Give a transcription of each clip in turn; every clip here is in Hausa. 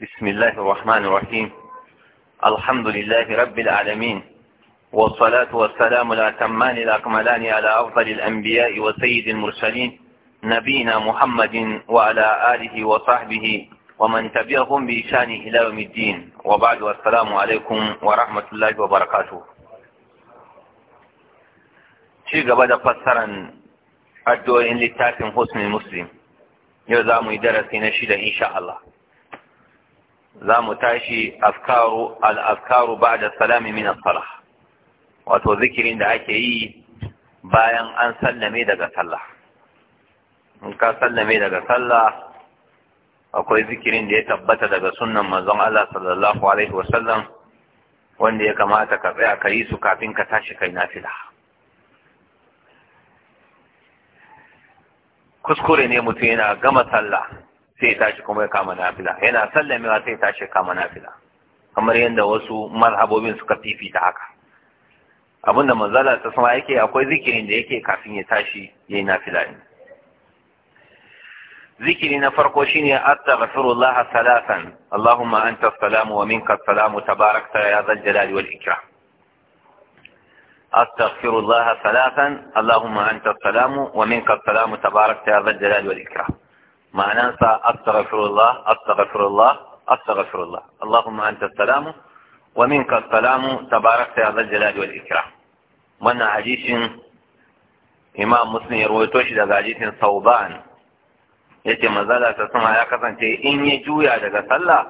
بسم الله الرحمن الرحيم الحمد لله رب العالمين والصلاة والسلام الأتمان الأكملان على أفضل الأنبياء وسيد المرسلين نبينا محمد وعلى آله وصحبه ومن تبعهم بإشان إلى يوم الدين وبعد والسلام عليكم ورحمة الله وبركاته شيء قبل فسرا أدوين للتاكم حسن المسلم يزام درسنا شيئا إن شاء الله za mu tashi afkaru al-afkaru ba'da salami min as-salah wato zikirin da ake yi bayan an sallame daga sallah in ka sallame daga sallah akwai zikirin da ya tabbata daga sunnan manzon Allah sallallahu alaihi wasallam wanda ya kamata ka tsaya ka yi su kafin ka tashi kai nafila kuskure ne mutum yana gama sallah sai tashi kuma ya kama nafila yana sallamewa sai tashi ya kama nafila kamar yadda wasu marhabobin suka fifita haka abinda manzala ta sama yake akwai zikirin da yake kafin ya tashi yayi nafila ne zikiri na farko shine astaghfirullah salasan allahumma anta as-salamu wa minka as-salamu tabarakta ya zal jalali wal ikram أستغفر الله ثلاثا اللهم أنت السلام salamu tabarakta ya zal jalali wal ikram ma'anansa astaghfirullah astaghfirullah astaghfirullah Allahumma anta salamu wa minka salamu tabarakta ya zal jalali wal ikram wannan hadisin imam muslim ya rawaito shi daga hadisin sauban yace manzala ta sama ya kasance in ya juya daga sallah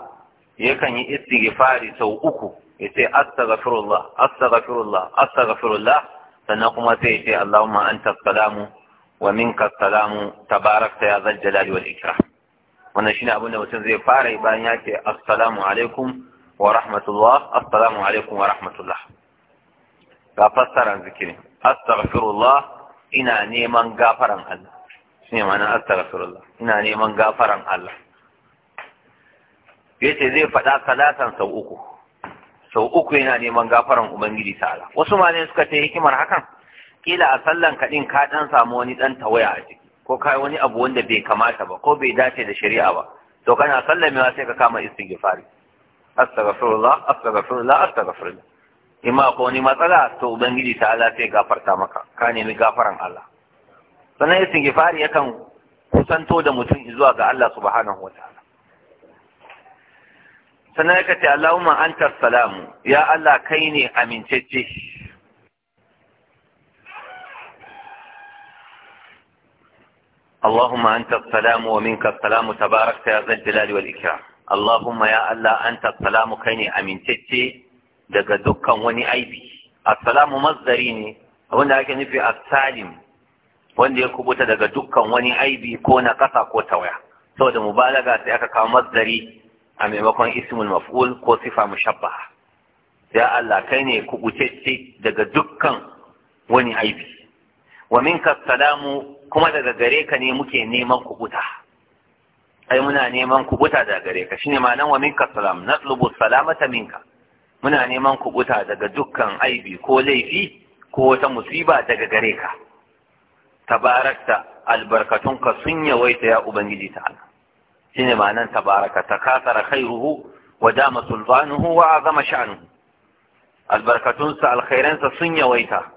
yakan yi istighfari sau uku yace astaghfirullah astaghfirullah astaghfirullah sannan kuma sai yace allahumma anta salamu wa minka salamu tabarakta ya zal jalali wal ikram wannan shine abin da mutum zai fara yi bayan ya ce assalamu alaikum wa rahmatullah assalamu alaikum wa rahmatullah ga fassaran zikiri astaghfirullah ina neman gafaran Allah shine ma'anar astaghfirullah ina neman gafaran Allah yace zai faɗa salatan sau uku sau uku yana neman gafaran ubangiji ta'ala wasu malamai suka ce hikimar hakan kila a sallan ka din ka dan samu wani dan tawaya a ciki ko kai wani abu wanda bai kamata ba ko bai dace da shari'a ba to kana sallamewa sai ka kama istighfari astaghfirullah astaghfirullah astaghfirullah imma ko wani matsala to ubangiji ta Allah sai gafarta maka ka nemi gafaran Allah sannan istighfari yakan kusanto da mutum zuwa ga Allah subhanahu wataala sannan ka ce Allahumma anta salamu ya Allah kai ne amincece اللهم أنت السلام ومنك السلام تبارك يا ذا الجلال والإكرام اللهم يا الله أنت السلام كيني أمين تتي daga dukkan wani aibi assalamu mazdari ne wanda ake nufi a salim wanda ya kubuta daga dukkan wani aibi ko na kasa ko tawaya saboda mubalaga sai aka kawo mazdari a maimakon ismul maf'ul ko sifa mushabbaha ya Allah kai ne kubutacce daga dukkan wani aibi wa minka salamu kuma daga gare ka ne muke neman kubuta ai muna neman kubuta daga gare ka shine nan wa minka salam natlubu salamata minka muna neman kubuta daga dukkan aibi ko laifi ko wata musiba daga gare ka tabarakta albarkatunka sun yawaita ya ubangiji ta'ala shine ma'anan tabaraka takasara khairuhu wa dama sulbanuhu wa azama sha'nuhu alkhairan sa sun yawaita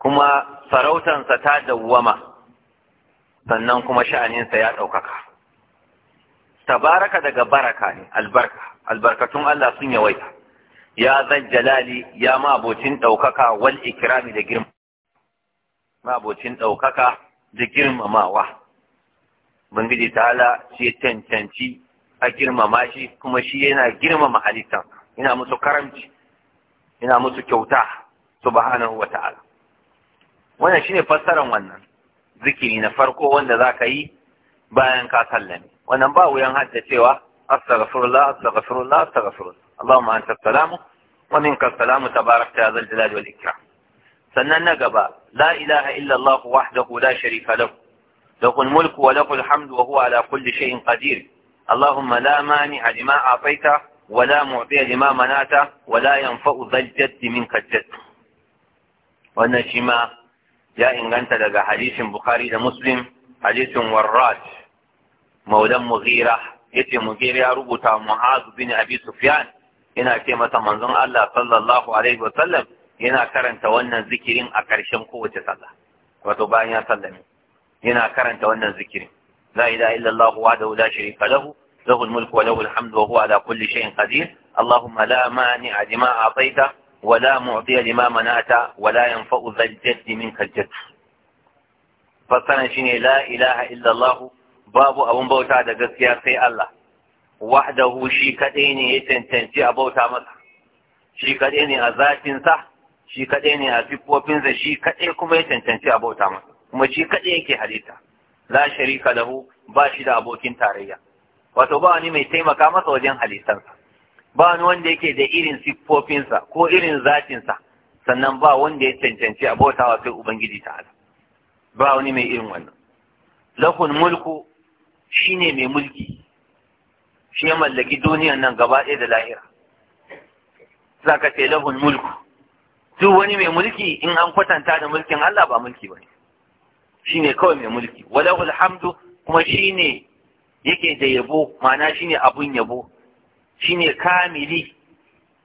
kuma sarautansa ta dawwama sannan kuma sha'aninsa ya ɗaukaka tabaraka daga baraka ne albarka albarkatun Allah sun yawaita ya zan jalali ya mabocin ɗaukaka wal ikirami da girma mabocin ɗaukaka da girmamawa bangiji hala shi ya cancanci a girmama shi kuma shi yana girmama halittan yana musu karamci yana musu kyauta subhanahu wa ta'ala wannan shine fassaran wannan zikiri na farko wanda za ka yi bayan ka sallame wannan ba wuyan hadda haddacewa astaghfirullah astaghfirullah astaghfirullah Allahumma anta salamu wa minka salamu tabarakta ya zal jalali wal ikram sannan na gaba la ilaha illa Allah wahdahu la sharika lahu lahu al-mulk wa lahu al-hamd wa huwa ala kulli shay'in qadir اللهم لا مانع لما أعطيته ولا معطي لما منعته ولا ينفع ذا الجد منك الجد wannan shi ma ya inganta daga hadisin bukhari da muslim hadisin warrat maudan mughira yace mughira ya rubuta mu'az bin abi sufyan yana ce masa manzon Allah sallallahu alaihi sallam. yana karanta wannan zikirin a ƙarshen kowace sallah wato bayan ya sallame yana karanta wannan zikirin la ilaha illallah wahdahu la sharika lahu له الملك وله الحمد وهو على كل شيء قدير اللهم a مانع a أعطيته ولا معطي لما منعت ولا ينفع ذا الجد منك الجد فكان شيني لا إله إلا الله باب أبو بوتا دا غسيا سي الله وحده شي كديني يتنتنتي أبوتا مسا شي كديني أذاتين صح shi kaɗai ne a siffofinsa shi kaɗai kuma ya cancanci abota masa kuma shi kaɗai yake halitta la sharika lahu ba shi da abokin tarayya wato ba ni mai taimaka masa wajen halittansa ba wani wanda yake da irin siffofinsa ko irin zatinsa sannan ba wanda ya cancanci a bautawa sai ubangiji ta'ala ba wani mai irin wannan lakun mulku shi ne mai mulki shi ya mallaki duniyan nan gaba ɗaya da lahira za ka ce lahun mulku duk wani mai mulki in an kwatanta da mulkin Allah ba mulki ba ne shi ne kawai mai mulki walahul hamdu kuma shi ne yake da yabo ma'ana shi ne abun yabo Shi ne kamili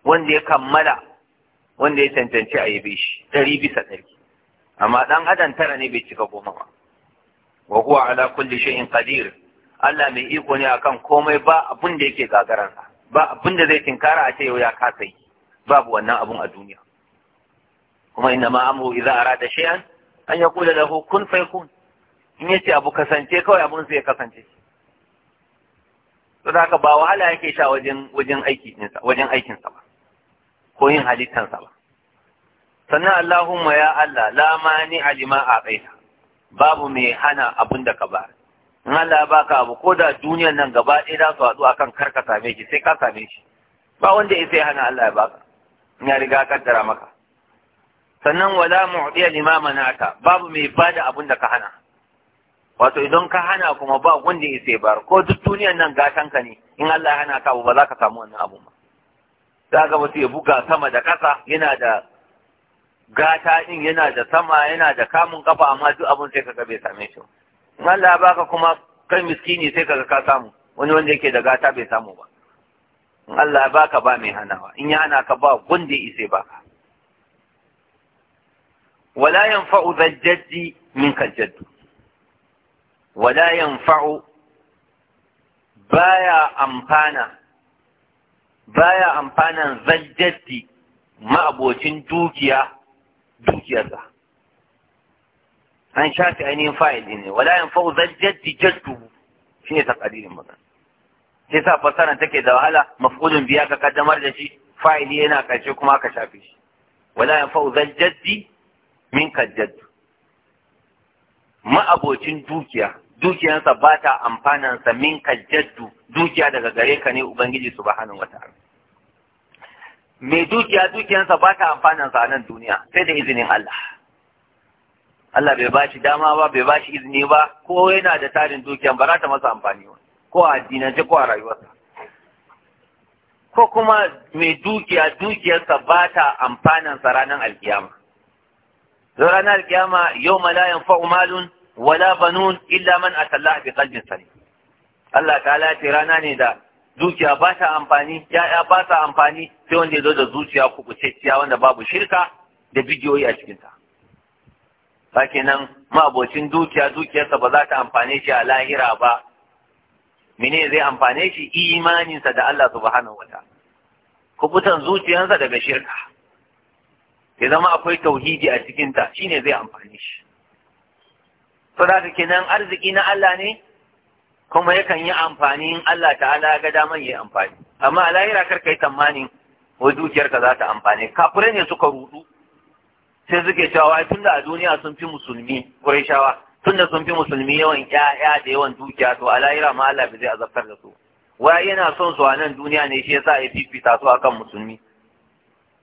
wanda ya kammala wanda ya cancanci a yabe shi ɗari bisa ɗari amma ɗan adam tara ne bai cika goma ba wa huwa ala kulli shay'in qadir Allah mai iko ne akan komai ba abin da yake gagaransa ba abin da zai tinkara a ce yau ya kasa babu wannan abun a duniya kuma inna ma amru idza arada shay'an an yaqula lahu kun fayakun in yace abu kasance kawai abun sai ya kasance to da haka ba wahala yake sha wajen wajen aiki ɗinsa wajen aikin sa ba ko yin halittan sa ba sannan Allahumma ya Allah la mani alima a kaita babu mai hana abin da ka ba in Allah ya baka abu ko da duniyar nan gaba ɗaya za su haɗu akan kar ka same shi sai ka same shi ba wanda ya sai hana Allah ya baka in ya riga kaddara maka sannan wala mu'diya limamanaka babu mai bada abin da ka hana wato idan ka hana kuma ba wanda ya sai bar ko duk duniyan nan gatan ka ne in Allah ya hana ka ba za ka samu wannan abu ba za ga wasu ya buga sama da ƙasa yana da gata din yana da sama yana da kamun kafa amma duk abun sai kaga bai same shi in Allah ya baka kuma kai miskini sai kaga ka samu wani wanda yake da gata bai samu ba in Allah ya baka ba mai hanawa in ya hana ka ba wanda ya sai baka wala yanfa'u dhal min minka jaddu wala fa'o baya amfana baya amfanan zaljaddi ma'abocin dukiya dukiyarsa an shafi ainihin fa'il ne wala yanfa'u zajjati jaddu ne takadirin magana sai sa fassara take da wahala maf'ulun biya ka kaddamar da shi fa'ili yana ƙarshe kuma ka shafe shi wala yanfa'u zajjati min kajjaddu ma'abocin dukiya dukiyansa ba ta amfanansa min ka jaddu dukiya daga gare ka ne ubangiji subhanahu wataala mai dukiya dukiyansa ba ta amfanansa a nan duniya sai da izinin Allah Allah bai ba shi dama ba bai ba shi izini ba ko yana da tarin dukiya ba za ta masa amfani ba ko a addinance ko a rayuwarsa ko kuma mai dukiya dukiyarsa ba ta amfanansa ranar alkiyama don ranar alkiyama yau malayan fa'umalun wala banun illa man atalla bi qalbin salim Allah ta'ala ce rana ne da zuciya ba ta amfani ya ba ta amfani sai wanda zo da zuciya ku kubucecciya wanda babu shirka da bidiyoyi a cikinta ba kenan ma'abocin dukiya dukiyarsa ba za ta amfane shi a lahira ba mene zai amfane shi imaninsa da Allah subhanahu wata kubutan zuciyarsa daga shirka ya zama akwai tauhidi a cikinta shine zai amfane shi saboda kenan arziki na Allah ne kuma yakan yi amfani in Allah ta'ala ga daman yi amfani amma a lahira kar yi tamanin wa dukiyarka za ta amfani. kafirai ne suka rudu sai suke cewa tun tunda a duniya sun fi musulmi Qurayshawa tunda sun fi musulmi yawan ƴaƴa da yawan dukiya to a lahira ma Allah bai zai azabtar da su wai yana son su a nan duniya ne shi yasa ya fifita su akan musulmi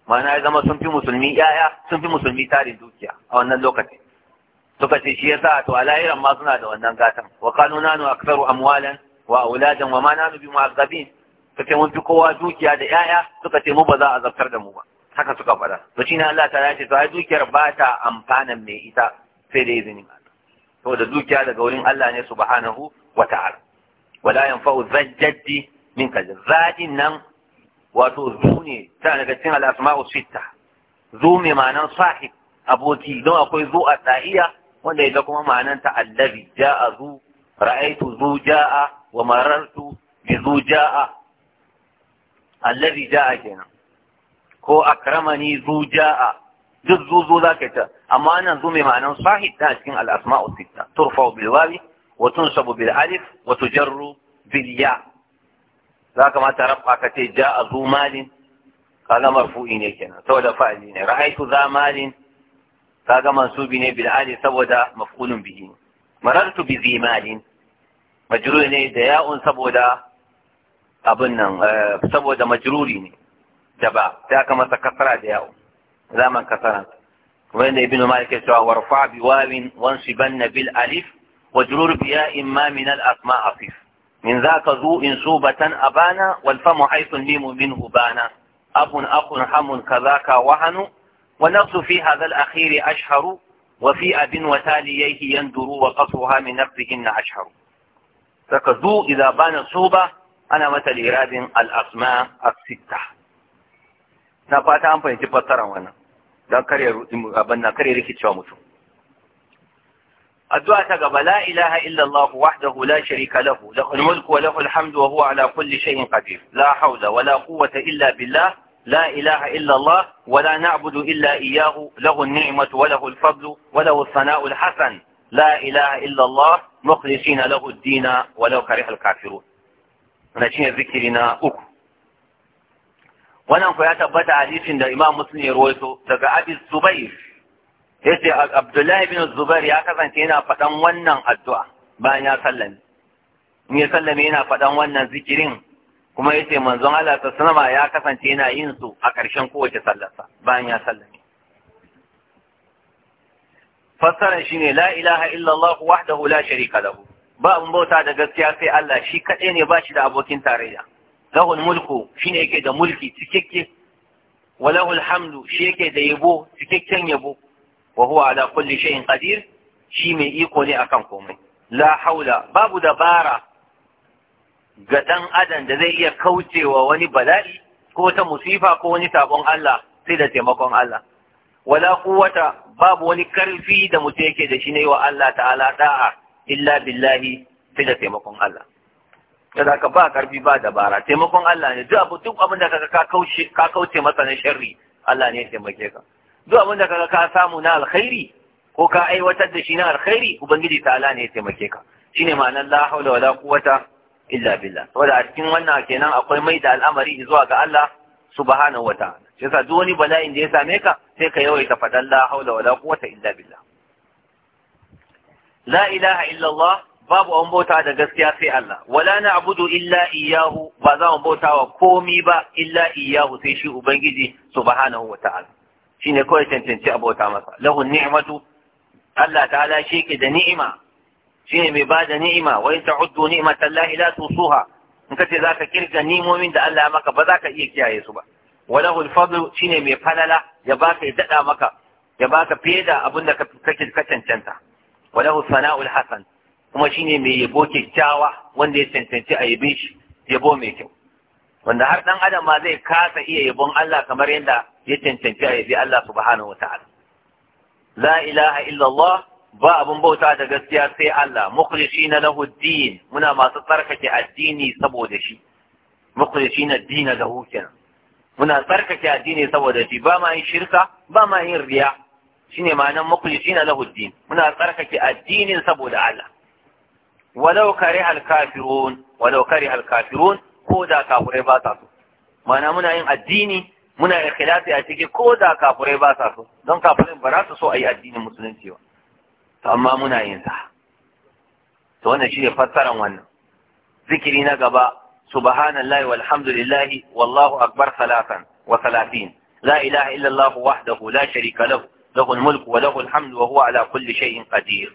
ma'ana ya zama sun fi musulmi ƴaƴa sun fi musulmi tarin dukiya a wannan lokacin suka ce shi yasa to alahiran ma suna da wannan gatan wa kanu nanu aktsaru amwalan wa auladan wa ma nanu bi mu'azzabin suka mun fi kowa dukiya da yaya suka ce mu ba za a zartar da mu ba haka suka faɗa to shi ne Allah ta yace to ai dukiyar ba ta amfanan mai ita sai da izinin Allah saboda dukiya daga wurin Allah ne subhanahu wa ta'ala wala yanfa'u zajjati min kaza zadin nan wato zu ne, ta daga cikin al-asma'u sitta zu mai ma'anan sahib aboki don akwai zu a da'iya wanda ita kuma ma'anan ta allabi ja'a zu ra'aitu zu ja'a wa marartu bi zu ja'a allabi ja'a kenan ko akramani zu ja'a duk zu zu zaka ta amma nan zu mai ma'anan sahih ta cikin al-asma'u sitta turfa bil wawi wa tunsabu bil alif wa tujarru bil ya za ka mata rabba ka ce ja'a zu malin kaga marfu'i ne kenan saboda fa'ili ne ra'aitu za malin kaga mansubi ne bil ali saboda maf'ulun bihi marartu bi zimalin majruri ne da ya'un saboda abin nan eh, saboda majruri ne da ba sai aka masa kasara da ya'un zaman kasara kuma yadda ibnu malik ya cewa warfa bi wawin wansibanna bil alif wajrur bi ya'in ma min al asma asif من ذاك ذو إنسوبة أبانا والفم حيث الميم منه بانا أب أخ حم كذاك وهن والنقص في هذا الأخير أشهر وفي أب وتاليه يندر وقصرها من نفسهن أشهر فكذو إذا بان الصوبة أنا مثل إراد الأسماء الستة نفات أن فهمت فترة وانا don kare rikicewa mutum addu'a ta gaba la ilaha illallah wahdahu la sharika lahu lahul mulku wa lahul hamdu wa huwa ala kulli shay'in qadir la hawla wa la illa billah لا إله إلا الله ولا نعبد إلا إياه له النعمة وله الفضل وله الثناء الحسن لا إله إلا الله مخلصين له الدين ولو كره الكافرون ونحن ذكرنا أكو ونحن قيادة بدا عليش عند إمام مسلم رويته تقع أبي الزبير يسي عبد الله بن الزبير يأخذ أنت هنا فتنونا الدعاء بان يسلم يسلم هنا فتنونا ذكرين kuma ce manzon Allah ta sanama ya kasance yana yin su a ƙarshen kowace sallarsa bayan ya sallame fassara shine la ilaha illallah wahdahu la sharika lahu ba mun bauta da gaskiya sai Allah shi kaɗai ne ba shi da abokin tarayya lahul mulku shine yake da mulki cikakke wa lahul hamdu shi yake da yabo cikakken yabo wa huwa ala kulli shay'in qadir shi mai iko ne akan komai la haula babu dabara ga ɗan adam da zai iya kaucewa wani bala'i ko ta musifa ko wani sabon Allah sai da taimakon Allah wala kuwata babu wani karfi da mutum yake da shi ne wa Allah ta'ala da'a illa billahi sai da taimakon Allah za ka ba karfi ba dabara taimakon Allah ne duk abu duk abin ka ka kauce masa na sharri Allah ne ya taimake ka duk abin da ka samu na alkhairi ko ka aiwatar da shi na alkhairi ubangiji ta'ala ne ya taimake ka Shi ne ma'anar la hawla wala quwwata illa billah saboda a cikin wannan kenan akwai mai da al'amari zuwa ga Allah subhanahu wataala shi yasa duk wani bala'in da ya same ka sai ka yawaita faɗan la haula wala quwwata illa billah la ilaha illa Allah babu an bauta da gaskiya sai Allah wala na'budu illa iyyahu ba za mu bauta wa komi ba illa iyyahu sai shi ubangiji subhanahu wataala shine kawai tantance abota masa lahu ni'matu Allah ta'ala shi ke da ni'ima shine mai bada ni'ima wa in ta'uddu ni'matallahi la tusuha in kace zaka kirga nimomin da Allah ya maka ba zaka iya kiyaye su ba walahu al-fadl shine mai falala ya baka ya dada maka ya baka fiye da abin da kake ka cancanta walahu sana'ul hasan kuma shine mai yabo kyakkyawa wanda ya cancanci a yabe shi yabo mai kyau wanda har dan adam ma zai kasa iya yabon Allah kamar yadda ya cancanci a yabi Allah subhanahu wa ta'ala la ilaha illallah ba abin bauta da gaskiya sai Allah mukhlisina lahu din muna masu tsarkake addini saboda shi na dina lahu kenan muna tsarkake addini saboda shi ba ma yin shirka ba ma yin riya shine ma'anar mukhlisina lahu din muna tsarkake addinin saboda Allah walau karihal kafirun walau karihal kafirun ko da kafirai ba sa so ma'ana muna yin addini muna ikhlasi a ciki ko da kafirai ba sa so don kafirai ba za su so a yi addinin musulunci ba to amma muna yin sa to wannan shine fassaran wannan zikiri na gaba subhanallahi walhamdulillahi wallahu akbar salatan wa salatin la ilaha illa allah wahdahu la sharika lahu lahu almulku wa lahu alhamdu wa huwa ala kulli shay'in qadir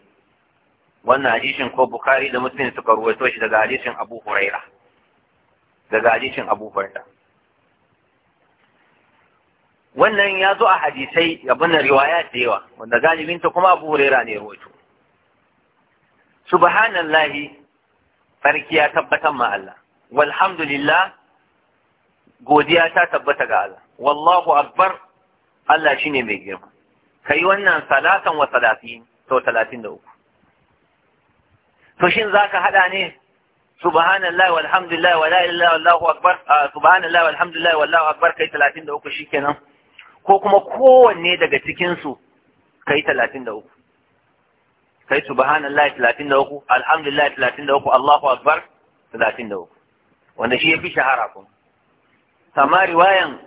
wannan hadisin ko bukhari da muslim suka ruwaito shi daga hadisin abu huraira daga hadisin abu huraira wannan ya zo a hadisai abin da riwaya da yawa wanda galibin kuma abu hurera ne rawaito subhanallahi sarki tabbatan ma Allah walhamdulillah godiya ta tabbata ga Allah wallahu akbar Allah shine mai girma kai wannan salatan wa salatin to 33 to shin zaka hada ne subhanallahi walhamdulillah wala ilaha illallah wallahu akbar ah, subhanallahi walhamdulillah wallahu akbar kai 33 shikenan ko kuma kowanne daga cikinsu ka yi talatin da uku ka yi subhanallah talatin da uku alhamdulillah talatin da uku allahu akbar talatin da uku wanda shi ya fi shahara kun? sama riwayan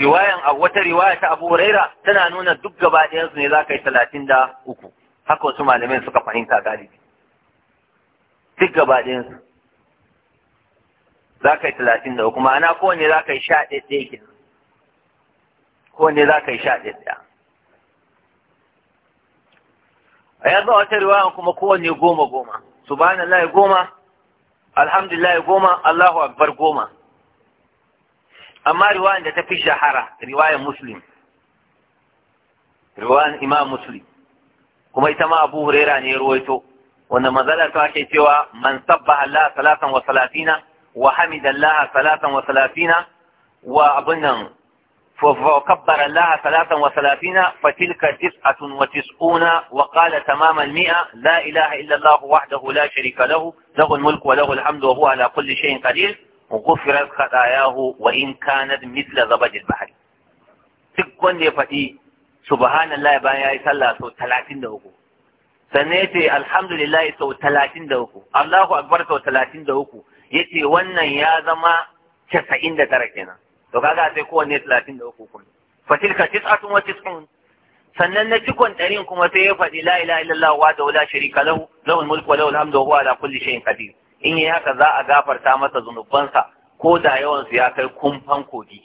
riwayan a wata riwaya ta abu huraira tana nuna duk gaba ɗayansu ne za ka yi talatin da uku haka wasu malamai suka fahimta galibi duk gaba ɗayansu za ka yi talatin da uku ma'ana kowane za ka yi sha ɗaya ɗaya kenan ko ne za ka yi sha ɗaya a yanzu a wata riwaya kuma kowanne goma goma subhanallah goma alhamdulillah goma allahu akbar goma amma riwayan da ta fi shahara riwayan muslim riwayan imam muslim kuma ita ma abu huraira ne ruwaito wanda manzala ta ake cewa man sabba Allah salatan wa salatina wa hamidallah Allah salatan wa salatina wa abin nan فكبر الله ثلاثا وثلاثين فتلك تسعة وتسعون وقال تمام المئة لا إله إلا الله وحده لا شريك له له الملك وله الحمد وهو على كل شيء قدير وغفرت خطاياه وإن كانت مثل زبد البحر تكون يفتي سبحان الله بان يا صلى سو 33 sannan ya ce alhamdulillah sau talatin da uku Allahu akbar sau talatin da uku ya ce wannan ya zama casa'in da tara kenan to kaga sai kowanne talatin da uku kuma fatilka tis'atun wa tis'un sannan na cikon ɗarin kuma sai ya faɗi la ilaha illallah wa da la sharika lahu lahul mulku wa lahul hamdu wa huwa ala kulli shay'in qadir in yi haka za a gafarta masa zunubansa ko da yawan su ya kai kumfan kogi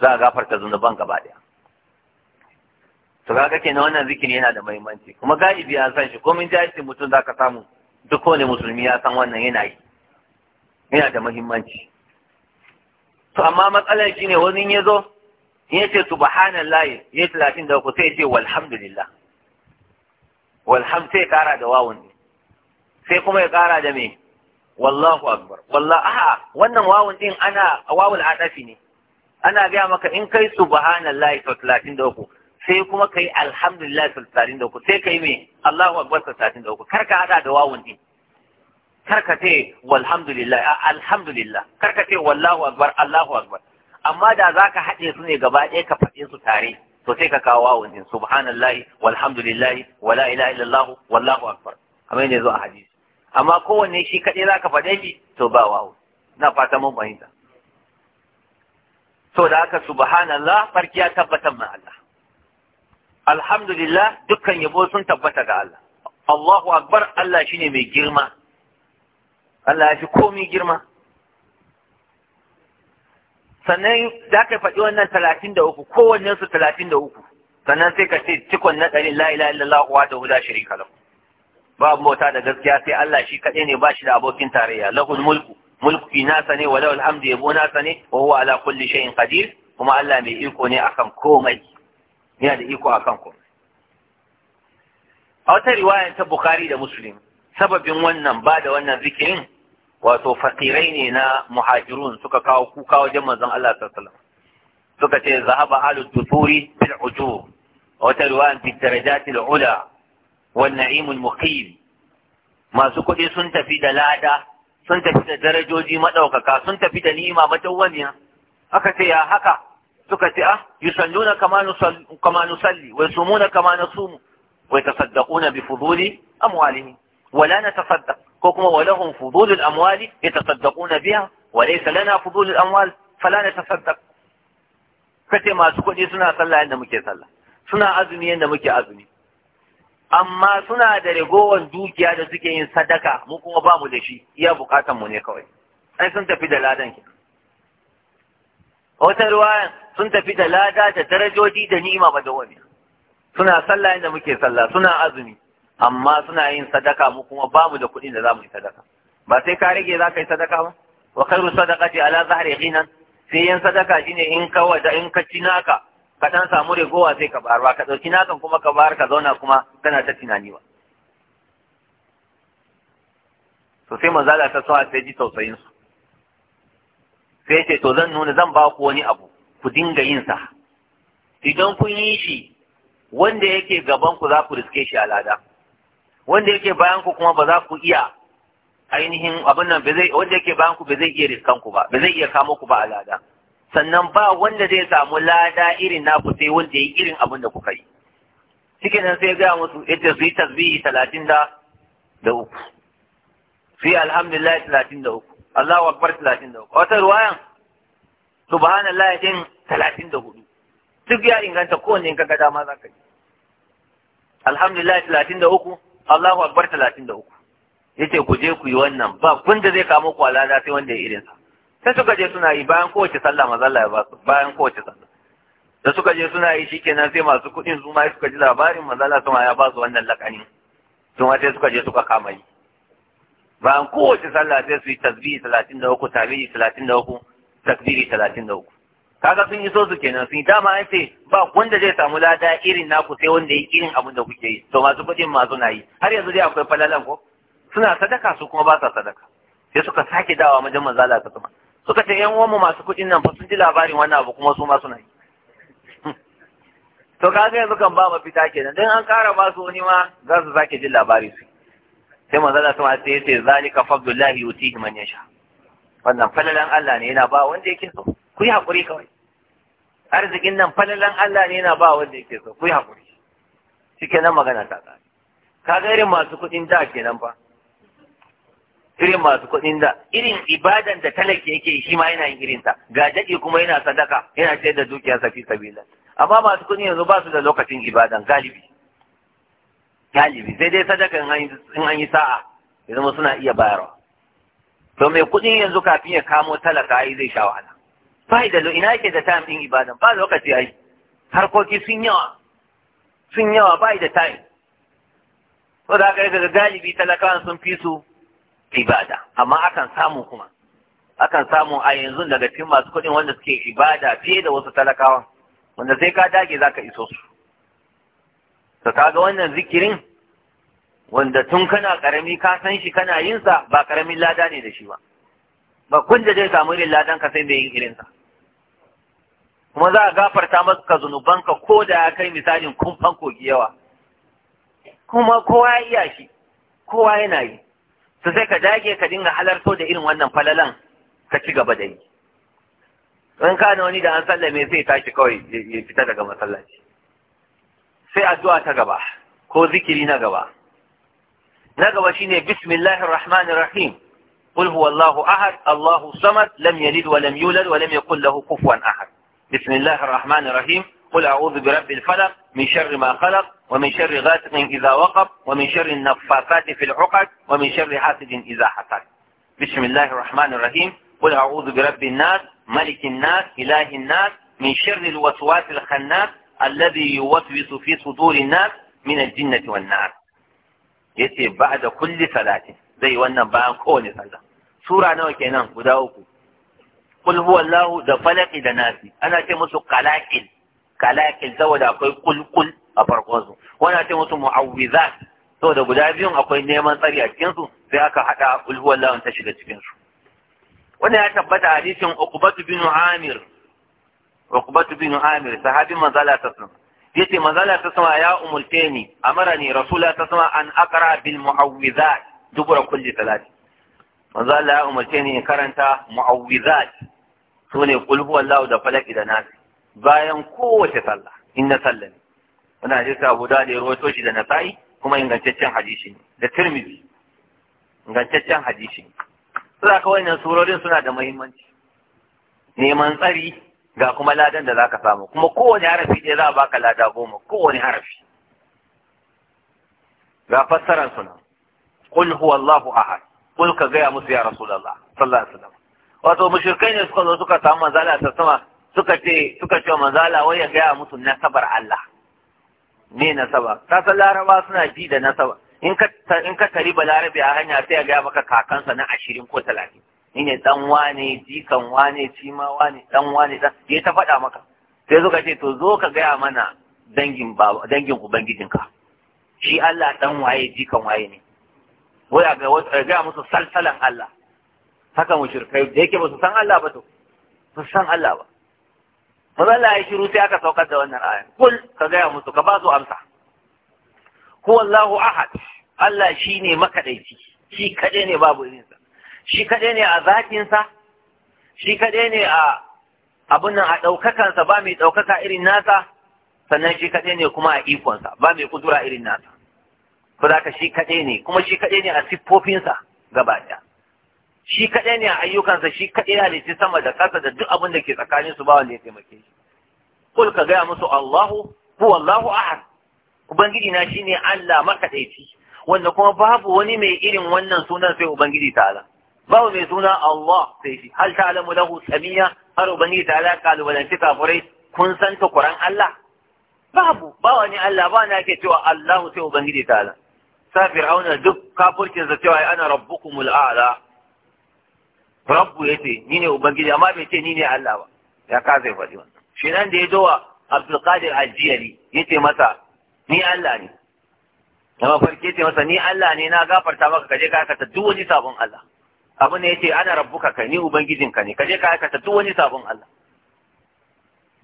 za a gafarta zunuban gaba ɗaya to kaga kenan wannan zikiri yana da muhimmanci kuma galibi an san shi ko komin jahilci mutum zaka samu duk kowane musulmi ya san wannan yana yi yana da muhimmanci to amma matsalar shine wani ya zo ya ce layi, ya talatin da uku, sai ce walhamdulillah walham sai kara da wawun ne sai kuma ya kara da me wallahu akbar wallahi a'a wannan wawun din ana wawul adafi ne ana gaya maka in kai layi sau talatin da uku sai kuma kai alhamdulillah sau talatin da uku sai kai me Allahu akbar sau talatin da uku kar ka hada da wawun din karka ce walhamdulillah alhamdulillah karka ce wallahu akbar allahu akbar amma da zaka haɗe su ne gaba ɗaya ka faɗe su tare to sai ka kawo wawun din subhanallahi walhamdulillahi wala ilaha illallah wallahu akbar kamar yadda zo hadisi amma kowanne shi kaɗai zaka faɗe shi to ba wawu na fata mun fahimta so da haka subhanallah farkiya tabbatar ma Allah alhamdulillah dukkan yabo sun tabbata ga Allah Allahu akbar Allah shine mai girma Allah ya fi komi girma sannan za ka faɗi wannan talatin da uku kowannen su talatin da uku sannan sai ka ce cikon na ɗari la’ila ila la'uwa wa da huda shiri Ba babu bauta da gaskiya sai Allah shi kaɗai ne ba shi da abokin tarayya lahul mulku mulki nasa ne walau alhamdu yabo nasa ne wa huwa ala kulli shay'in qadir kuma Allah mai iko ne akan komai yana da iko akan komai a wata riwaya ta Bukhari da Musulun, sababin wannan ba da wannan zikirin wato fakirai ne na muhajirun suka kawo kuka wajen manzon Allah sallallahu alaihi wasallam suka ce zahaba alu tuturi, bil ujur wata riwayan fi darajat al ula wan na'im al muqim masu kuɗi sun tafi da lada sun tafi da darajoji madaukaka sun tafi da ni'ima madawwamiya aka ce ya haka suka ce ah yusalluna kama nusalli kama nusalli wa yusumuna kama nasumu wa yatasaddaquna bi fuduli amwalihim wa la natasaddaq ko kuma walahum fudulul amwali yatasaddaquna biha wa laysa lana fudulul amwal fala natasaddaq kace masu kuɗi suna sallah yanda muke sallah suna azumi yanda muke azumi amma suna da ragowar dukiya da suke yin sadaka mu kuma ba mu da shi iya bukatan mu ne kawai ai sun tafi da ladan ki wata ruwayan sun tafi da lada da darajoji da ni'ima ba da wani suna sallah inda muke sallah suna azumi amma suna yin sadaka mu kuma babu da kuɗin da za mu yi sadaka ba sai ka rage za ka yi sadaka ba wa sadaka ce, ala zahri nan. sai yin sadaka shine in ka da in ka ci naka ka ɗan samu rigowa sai ka bar ba ka ɗauki nakan kuma ka bar ka zauna kuma kana ta tunani ba to sai manzo Allah ta sa sai ji tausayin su sai ce to zan nuna zan ba ku wani abu ku dinga yin sa idan kun yi shi wanda yake gaban ku za ku riske shi al'ada wanda yake bayan ku kuma ba za ku iya ainihin abin nan ba zai wanda yake bayan ku ba zai iya riskan ku ba ba zai iya kamo ku ba a lada sannan ba wanda zai samu lada irin naku sai wanda yi irin abin da kuka yi shike nan sai ga musu ita zai tasbihi talatin da da uku su yi alhamdulillah talatin da uku Allahu akbar talatin da uku wata ruwaya subhanallahi din talatin da hudu duk ya inganta kowanne in ka ga dama za ka yi alhamdulillah talatin da uku Allahu akbar 33 yace ku je ku yi wannan ba kun da zai kamo ku alada sai wanda ya irin sa sai suka je suna yi bayan kowace sallah mazalla ya ba su bayan kowace sallah da suka je suna yi shikenan sai masu kuɗin su ma suka ji labarin mazalla sama ya ba su wannan lakanin sun sai suka je suka kama yi bayan kowace sallah sai su yi tasbihi 33 da 33 takbiri 33 kaga sun iso su kenan sun dama an ce ba wanda zai samu lada irin naku sai wanda yi irin abin da kuke yi to masu kuɗin masu na yi har yanzu dai akwai falalan ko suna sadaka su kuma ba sa sadaka sai suka sake dawa wajen manzala ta kuma suka ce yan uwanmu masu kuɗin nan fa sun ji labarin wannan abu kuma su ma suna yi to kaga yanzu kan ba mafita kenan dan an kara ba su wani ma za su sake jin labarin su sai manzala ta ma sai yace zalika fadlullahi yutihi man yasha wannan falalan Allah ne yana ba wanda yake so ku yi haƙuri kawai arzikin nan falalan Allah ne yana ba wanda yake so ku yi hakuri nan magana ta ka ga irin masu kuɗin da kenan ba? irin masu kuɗin da irin ibadan da talaki yake shi ma yana yin irin ta ga daɗi kuma yana sadaka yana sayar da dukiyarsa fi sabila amma masu kuɗin yanzu ba su da lokacin ibadan galibi galibi sai dai sadaka in an yi sa'a ya zama suna iya bayarwa to mai kuɗin yanzu kafin ya kamo talaka yi zai sha wahala fa'ida lo ina yake da time din ibadan ba lokaci ai harkoki sun yawa sun yawa ba da time to da ga daga galibi talakawan sun fi su ibada amma akan samu kuma akan samu a yanzu daga cikin masu kuɗin wanda suke ibada fiye da wasu talakawa wanda sai ka dage zaka iso su to kaga wannan zikirin wanda tun kana karami ka san shi kana yinsa ba karamin lada ne da shi ba ba kun da zai samu irin ladan ka sai da yin irinsa. kuma za a gafarta maka zunubanka ko da ya kai misalin kumfan kogi yawa kuma kowa ya iya shi kowa yana yi su sai ka dage ka dinga halarto da irin wannan falalan ka ci gaba da yi in ka wani da an sallame sai tashi kawai ya fita daga masallaci sai addu'a ta gaba ko zikiri na gaba na gaba shine bismillahir rahmanir rahim qul huwallahu ahad allahu samad lam yalid wa lam yulad wa lam yakul lahu kufuwan ahad بسم الله الرحمن الرحيم قل أعوذ برب الفلق من شر ما خلق ومن شر غاسق إذا وقب ومن شر النفاثات في العقد ومن شر حاسد إذا حسد بسم الله الرحمن الرحيم قل أعوذ برب الناس ملك الناس إله الناس من شر الوسواس الخناس الذي يوسوس في صدور الناس من الجنة والنار يتي بعد كل صلاة زي وانا بان kowane sallah سورة نوكي kenan guda kul huwallahu da falaki da nasi ana ce musu kalakil kalakil saboda akwai kulkul a farkon su wani ce musu mu'awwizat saboda guda biyun akwai neman tsari a cikin su sai aka hada kul huwallahu ta shiga cikin su Wani ya tabbata hadisin uqbatu bin amir uqbatu bin amir sahabi manzala ta sun yace manzala ta sama ya umurce ni amarani rasula ta sama an aqra bil mu'awwizat dubura kulli salati manzala ya umurce ni karanta mu'awwizat su ne kulhu Allah da falaki da nasi bayan kowace sallah in na sallah ne wani hadisi abu da da rawaito shi da nasa'i kuma ingantaccen hadisi ne da tirmidhi ingantaccen hadisi ne sai ka wannan surorin suna da muhimmanci neman tsari ga kuma ladan da zaka samu kuma kowane harafi ɗaya za a baka lada goma kowane harafi ga fassaran suna qul huwallahu ahad kul ka gaya musu ya rasulullah sallallahu alaihi wasallam wato mushrikai ne suka zo suka samu manzala ta sama suka ce suka ce manzala wai ya gaya musu nasabar Allah ne nasaba ka san laraba suna ji da nasaba in ka in ka tari balarabe a hanya sai ya gaya maka kakansa na ashirin ko talatin ne dan wane jikan wane cima wane dan wane dan ya ta faɗa maka sai suka ce to zo ka gaya mana dangin baba dangin ubangijinka shi Allah dan waye jikan waye ne wai a ga musu salsalan Allah haka mushrikai da yake ba su san Allah ba to ba san Allah ba za Allah ya shiru sai aka saukar da wannan aya kul ka gaya musu ka ba su amsa huwallahu ahad Allah shi ne makaɗaici. shi kade ne babu irinsa shi kade ne a zatinsa shi kade ne a abun nan a ɗaukakansa ba mai ɗaukaka irin nasa sannan shi kaɗai ne kuma a ikonsa ba mai kudura irin nasa ko za ka shi kaɗai ne kuma shi kaɗai ne a siffofinsa gaba ɗaya shi kaɗai ne a ayyukansa shi kaɗai ya halitti sama da ƙasa da duk abin da ke tsakanin su ba wanda ya taimake shi kul ka gaya musu Allahu ku Allahu ahad ubangiji na shine Allah makaɗaici wanda kuma babu wani mai irin wannan sunan sai ubangiji ta'ala babu mai suna Allah sai shi hal alamu lahu samiya har ubangiji ta'ala kalubalanci kafurai kun san ta Qur'an Allah babu ba wani Allah ba na ke cewa Allahu sai ubangiji ta'ala sa fir'auna duk kafurcin cewa ana rabbukumul a'la rabbu yace ni ne ubangiji amma bai ce ni ne Allah ba ya ka zai faɗi wannan shi nan da ya zo wa Abdul Qadir al ce yace masa ni Allah ne da mafarki yace masa ni Allah ne na gafarta maka kaje ka aikata duk wani sabon Allah abin ne yace ana rabbuka ka ni ubangijinka ne kaje ka aikata duk wani sabon Allah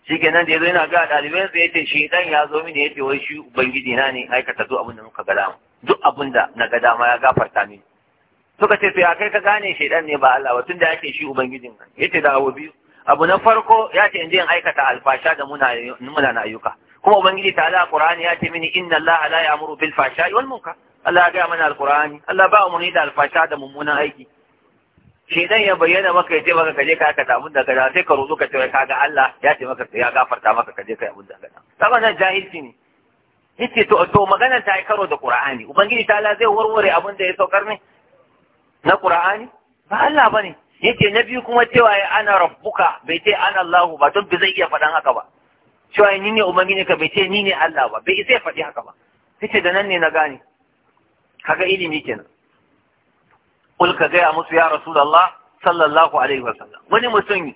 shi kenan da ya zo yana ga ɗaliban ya yace shi dan ya zo mini yace wai shi ubangiji na ne aikata duk abin da muka ga duk abin da na ga dama ya gafarta mini suka ce to ya kai ka gane shaidan ne ba Allah ba tunda yake shi ubangijin ka yace da abu biyu abu na farko ya ce in aikata alfasha da muna muna na ayyuka kuma ubangiji ta Allah Qur'ani ya ce mini inna Allah la ya'muru bil fahsha'i wal munkar Allah ya ga mana alqur'ani Allah ba mu ni da alfasha da mummunan aiki Shaidan ya bayyana maka ya maka kaje ka aikata abin da kaza sai ka rozo ka ce ka ga Allah ya ce maka ya gafarta maka kaje ka abin da kaza saboda nan jahilci ne yace to to magana ta yi karo da Qur'ani ubangiji ta Allah zai warware abin da ya saukar ne na qur'ani ba Allah bane yake na biyu kuma cewa ya ana rabbuka bai ce ana Allahu ba don bai zai iya faɗan haka ba cewa ni ne ne ka bai ce ni ne Allah ba bai isa ya faɗi haka ba kace da nan ne na gane kaga ilimi kenan kul ka gaya musu ya rasulullah sallallahu alaihi wasallam wani mutum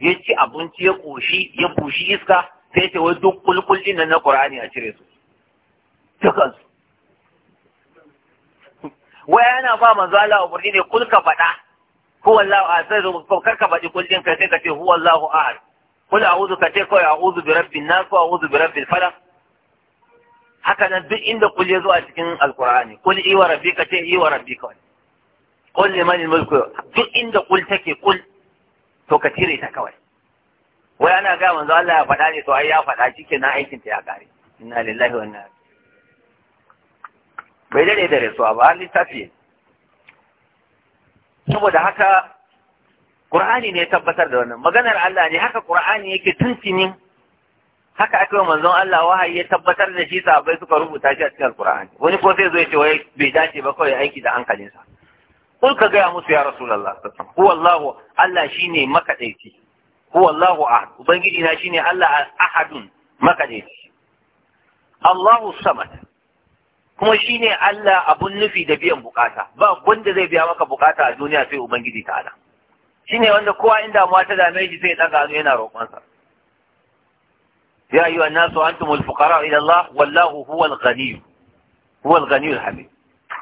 ya ci abinci ya koshi ya bushi iska sai ce wai duk kulkul din na Qur'ani a cire su dukansu waya yana ba manzo Allah umarni ne kul ka faɗa huwa Allahu ahad sai zo kar ka faɗi kullin kai sai ka ce huwa Allahu ahad kul a'udhu ka ce kawai a'udhu bi rabbin nas ko a'udhu bi rabbil falaq haka nan duk inda kul ya zo a cikin alqur'ani kul iwa rabbi ka ce iwa rabbi kawai kul liman mulku duk inda kul take kul to ka cire ta kawai wai ana ga manzo Allah ya faɗa ne to ai ya faɗa shikenan aikin ta ya kare inna lillahi wa inna ilaihi bai dade da rasuwa ba an littafi saboda haka Qur'ani ne ya tabbatar da wannan maganar Allah ne haka Qur'ani yake tuntuni haka aka yi manzon Allah wahayi ya tabbatar da shi sahabbai suka rubuta shi a cikin Qur'ani wani ko sai zo ya ce wai bai dace ba kawai aiki da hankalinsa kun ka gaya musu ya Rasulullah alaihi wasallam Allah shine makadaici huwa wallahu ahad ubangiji na shine Allah ahadun makadaici Allahu samad kuma shine Allah abun nufi da biyan bukata ba wanda zai biya maka bukata a duniya sai ubangiji ta'ala shine wanda kowa inda damuwa ta dame shi sai ya daga hannu yana roƙonsa ya ayyuhan nasu antumul fuqara ila Allah wallahu huwal ghaniy huwal ghaniyul hamid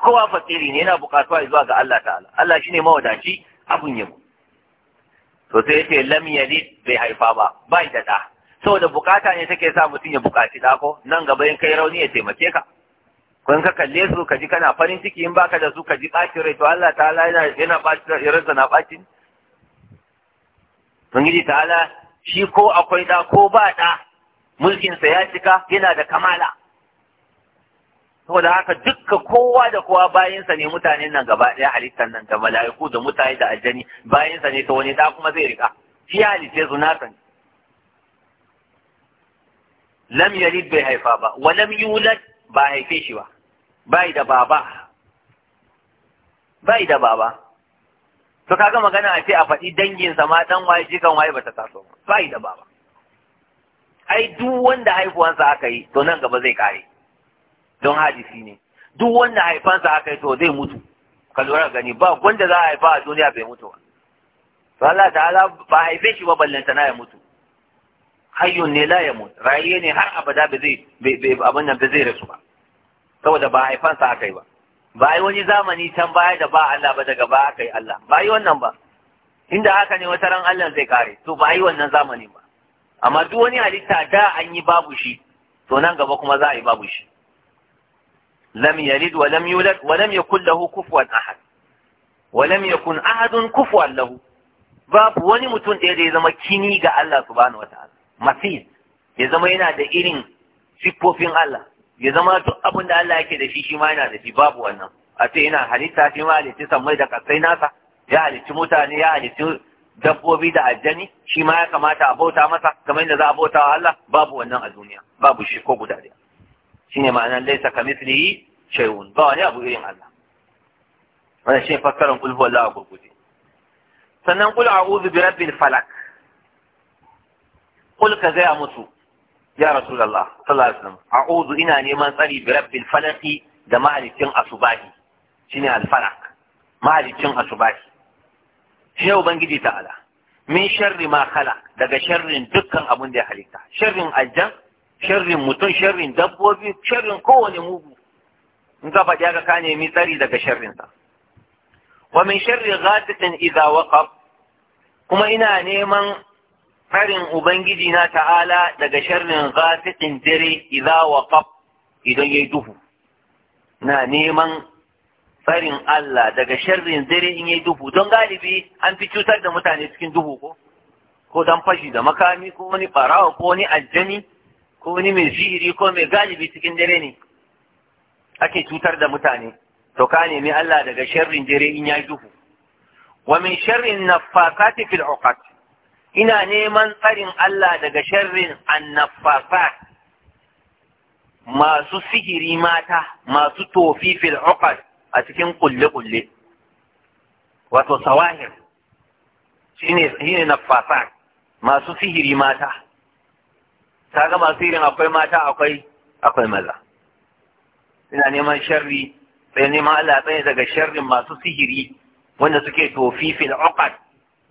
kowa fakiri ne yana bukatuwa zuwa ga Allah ta'ala Allah shine mawadaci abun yabo to sai yace lam yalid bai haifa ba bai da da saboda bukata ne take sa mutum ya bukaci da ko nan gaba in kai rauni ya taimake ka kun ka kalle su ka ji kana farin ciki in baka da su ka ji ɓacin rai to Allah ta'ala yana yana ɓacin ransa na ɓacin Ubangiji ta'ala shi ko akwai da ko ba da mulkinsa ya cika yana da kamala saboda haka dukka kowa da kowa bayansa ne mutanen nan gaba ɗaya halittar nan da mala'iku da mutane da aljani bayansa ne ta wani da kuma zai rika shi halitta su nasa lam yalid bai haifa ba wa lam yulad ba haife shi ba bai da baba bai da baba to kaga magana a ce a faɗi danginsa ma dan waye jikan waye bata taso bai da baba ai duk wanda haifuwansa aka yi to nan gaba zai kare don hadisi ne duk wanda haifansa aka yi to zai mutu ka lura gani ba wanda za a haifa a duniya bai mutu ba to Allah ala ba haife shi ba ballanta na ya mutu hayyun ne la ya mutu rayiye ne har abada ba zai abin nan ba zai rasu ba saboda ba haifansa aka yi ba ba yi wani zamani can baya da ba Allah ba daga ba aka yi Allah ba yi wannan ba inda haka ne wata ran Allah zai kare to ba yi wannan zamani ba amma duk wani halitta da an yi babu shi to nan gaba kuma za a yi babu shi lam yalid wa lam yulad wa lam yakul lahu kufuwan ahad wa lam yakun ahadun kufuwan lahu babu wani mutum ɗaya da ya zama kini ga Allah subhanahu wataala masil ya zama yana da irin siffofin Allah ya zama duk abin da Allah yake da shi shi ma yana da shi babu wannan a ce ina halitta shi ma halitti mai da kasai nasa ya halitti mutane ya halitti dabbobi da aljani shi ma ya kamata a bauta masa kamar yadda za a bauta wa Allah babu wannan a duniya babu shi ko guda ɗaya shine ma'anar laisa kamithlihi shay'un ba wani abu irin Allah wannan shine fassarar kulhu huwallahu ahad gurguje sannan kul a'udhu bi rabbil falak kul ka gaya musu ya rasulullah sallallahu alaihi wasallam ina neman tsari bi rabbil falaqi da mahalicin asubahi shine al-falaq mahalicin asubahi shi ubangiji ta'ala min sharri ma khala daga sharrin dukkan abun da ya halitta shirin aljan sharrin mutum sharrin dabbobi sharrin kowane mugu in ka faɗi haka ka nemi tsari daga sharrinsa wa min sharri ghasiqin idza waqab kuma ina neman farin ubangiji na ta'ala daga sharrin zafiƙin dare idan waqaf idan yi duhu na neman farin Allah daga sharrin dare in ya yi duhu don galibi an fi cutar da mutane cikin duhu ko ko dan fashi da makami ko wani barawa ko wani aljani ko wani mai sihiri ko mai galibi cikin dare ne ake cutar da mutane to ka nemi Allah daga sharrin dare in ya yi duhu wa min sharrin na fil uqad ina neman tsarin Allah daga sharrin annafafa masu sihiri mata masu tofi fil a cikin kulle-kulle wato sawahir shine nafafa masu sihiri mata ta ga masu sihirin akwai mata akwai akwai maza ina neman sharri sai neman Allah tsaye daga sharrin masu sihiri wanda suke tofi fil uqad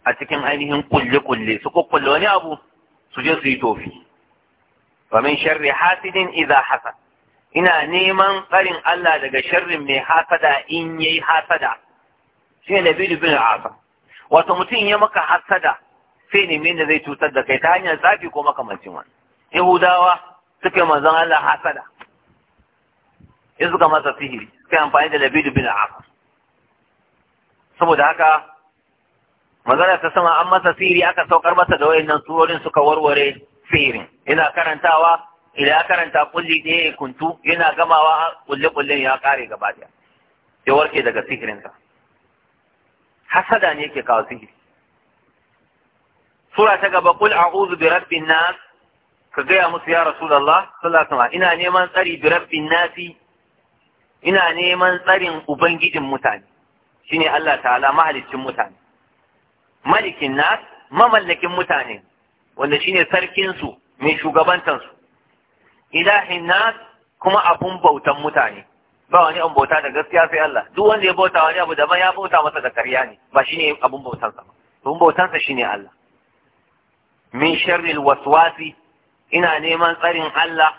a cikin ainihin kulle-kulle su kukkulle wani abu su je su yi tofi wa sharri hasidin idza hasad ina neman tsarin Allah daga sharrin mai hasada in yayi hasada shine nabi bin asa Wata mutum ya maka hasada sai ne da zai cutar da kai ta hanyar zafi ko makamancin wani yahudawa suke manzon Allah hasada in suka masa sihiri suke amfani da labidu bin asa saboda haka magana ta sama an masa sihiri aka saukar masa da wayannan surorin suka warware sihirin ina karantawa idan karanta kulli ɗaya ya kuntu yana gamawa kulle kullen ya kare gaba ɗaya ya warke daga sihirinsa hasada ne yake kawo sihiri sura ta gaba kul a'udhu bi rabbin nas ka gaya musu ya rasulullah sallallahu alaihi wasallam ina neman tsari bi rabbin nasi ina neman tsarin ubangijin mutane shine Allah ta'ala mahaliccin mutane malikin nas mamallakin mutane wanda shine sarkinsu mai shugabantansu. ilahin nas kuma abun bautan mutane ba wani an bauta da gaskiya sai Allah duk wanda ya bauta wani abu daban ya bauta masa da karya ne ba shine abun bautan sa ba abun bautan sa shine Allah min sharril waswasi ina neman tsarin Allah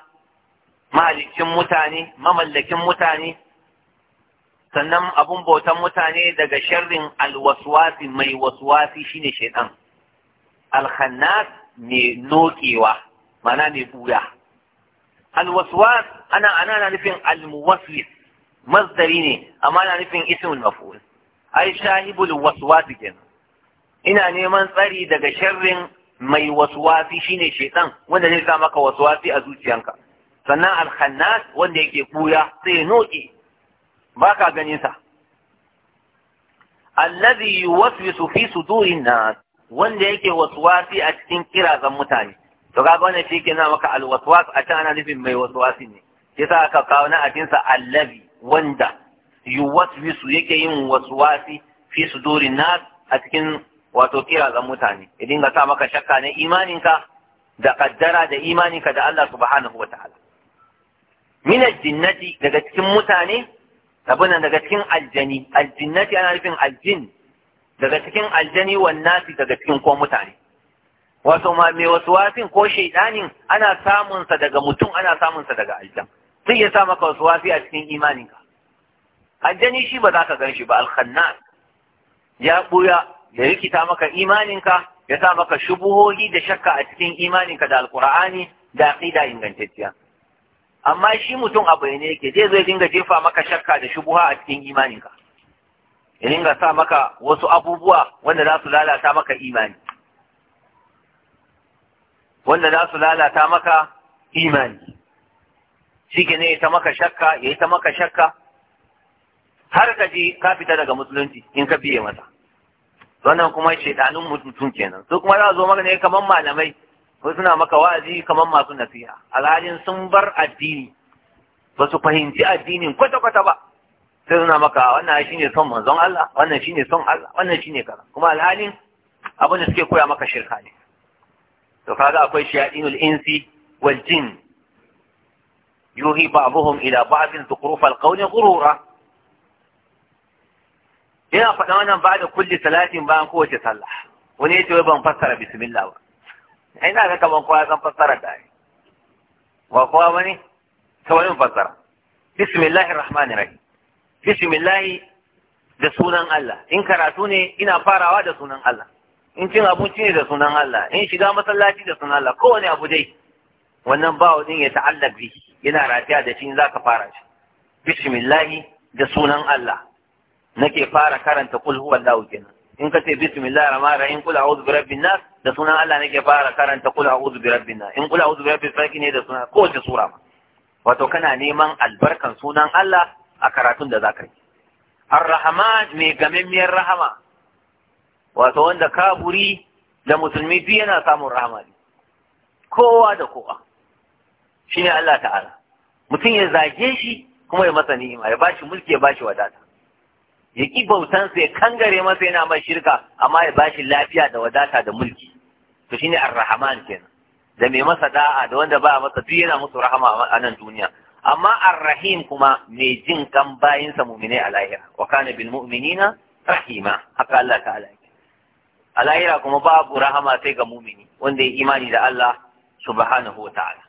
mahalicin mutane mamallakin mutane sannan abun bautan mutane daga sharrin alwaswasi mai waswasi shine shaitan alkhannas ne nokewa mana mai buya alwaswas ana ana na nufin almuwaswis masdari ne amma na nufin ismul maf'ul ai shahibul waswas kenan ina neman tsari daga sharrin mai waswasi shine shaitan wanda zai sa maka waswasi a zuciyanka sannan alhannas wanda yake buya sai noke ba ka ganin sa allazi yuwaswisu fi sudurin na wanda yake waswasi a cikin kirazan mutane to kaga wannan shi ke na maka alwaswas a can ana nufin mai waswasi ne ke sa ka kawo na ajin sa allazi wanda yuwaswisu yake yin waswasi fi sudurin na a cikin wato kirazan mutane idan ka sa maka shakka na imaninka da kaddara da imaninka da Allah subhanahu wataala min jinnati daga cikin mutane abin nan daga cikin aljani aljinnati ana nufin aljin daga cikin aljani wan nasi daga cikin ko mutane wato ma mai wasuwasin ko shaidanin ana samun sa daga mutum ana samun sa daga aljan zai iya sa maka wafi a cikin imaninka aljani shi ba za ka gan shi ba alkhannas ya buya ya rikita maka imaninka ya sa maka shubuhohi da shakka a cikin imaninka da alqur'ani da aqida ingantacciya amma shi mutum a bayyane yake zai zai dinga jefa maka shakka da shubuha a cikin imaninka ya dinga sa maka wasu abubuwa wanda za su lalata maka imani wanda za su lalata maka imani shi ke ne ya ta maka shakka ya yi ta maka shakka har ka ji ka fita daga musulunci in ka biye mata wannan kuma shaidanun mutum kenan su kuma za su zo maka ne kamar malamai Ko suna maka wa'azi kamar masu nasiha alhalin sun bar addini ba su fahimci addinin kwata-kwata ba sai suna maka wannan shine son manzon Allah wannan shine son Allah wannan shine kaza kuma alhalin abin da suke koya maka shirka ne to kaga akwai shayatinul insi wal jin yuhi ba'dhum ila ba'dhin zukhruf al-qawl ghurura ina faɗa wannan ba da kulli salatin bayan kowace sallah wani yace ban fassara bismillah ba ai na ga kamar kowa san fassara da ai ba kowa bane kawai mun fassara bismillahi rahmanir rahim bismillahi da sunan Allah in karatu ne ina farawa da sunan Allah in cin abinci ne da sunan Allah in shiga masallaci da sunan Allah kowane abu dai wannan bawo din ya ta'allaq bi yana rafiya da shi zaka fara shi bismillahi da sunan Allah nake fara karanta kul huwallahu kenan in ka ce bismillahir rahmanir rahim kul a'udhu birabbin nas da sunan Allah nake fara karanta kula a'udhu bi rabbin nas in kula a'udhu bi rabbil falaq ne da sunan kowace sura ma wato kana neman albarkan sunan Allah a karatun da zaka yi ar-rahman mai rahama wato wanda kaburi da musulmi duk yana samun rahama ne kowa da kowa shine Allah ta'ala mutum ya zage shi kuma ya masa ni'ima ya bashi mulki ya bashi wadata ya ki bautansa ya kangare masa yana mai shirka amma ya bashi lafiya da wadata da mulki to shine ar-rahman kenan da mai masa da'a da wanda ba masa duk yana musu rahama a nan duniya amma ar-rahim kuma mai jin kan bayinsa mu'mine a lahira wa kana bil mu'minina rahima haka Allah ta'ala a lahira kuma babu rahama sai ga mu'mini wanda ya imani da Allah subhanahu wa ta'ala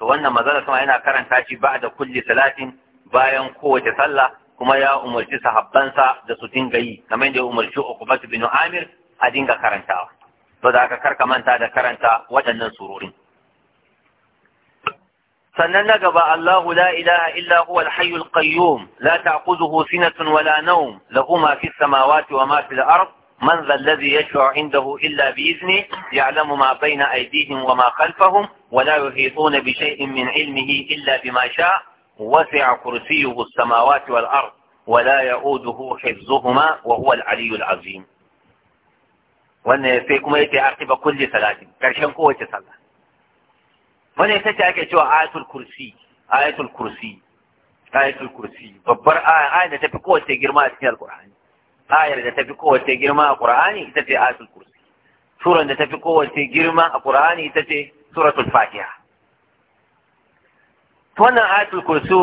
to wannan mazalar kuma yana karanta shi ba'da kulli salatin bayan kowace sallah kuma ya umarci sahabbansa da su dinga yi kamar da ya umarci Uqbat bin Amir a dinga karantawa to da aka karka manta da karanta waɗannan surorin sannan na gaba Allahu la ilaha illa huwa al-hayy al-qayyum la ta'khudhuhu sinatun wala nawm lahu ma fi samawati wa ma fi al-ard man dhal ladhi yashfa'u 'indahu illa bi idhni ya'lamu ma bayna aydihim wa ma khalfahum wa la yuhituna bi shay'in min 'ilmihi illa bima sha'a wasi'a kursiyyuhu as-samawati wal-ard wa la ya'uduhu hifdhuhuma wa huwa al-'aliyyul 'azhim wannan sai kuma yace ba kulle salati karshen kowace sallah wannan ita ce ake cewa ayatul kursi ayatul kursi ayatul kursi babbar aya ayar da ta fi kowace girma a cikin alqur'ani ayar da ta fi kowace girma a qur'ani ita ce ayatul kursi suran da ta fi kowace girma a qur'ani ita ce suratul fatiha wannan ayatul kursi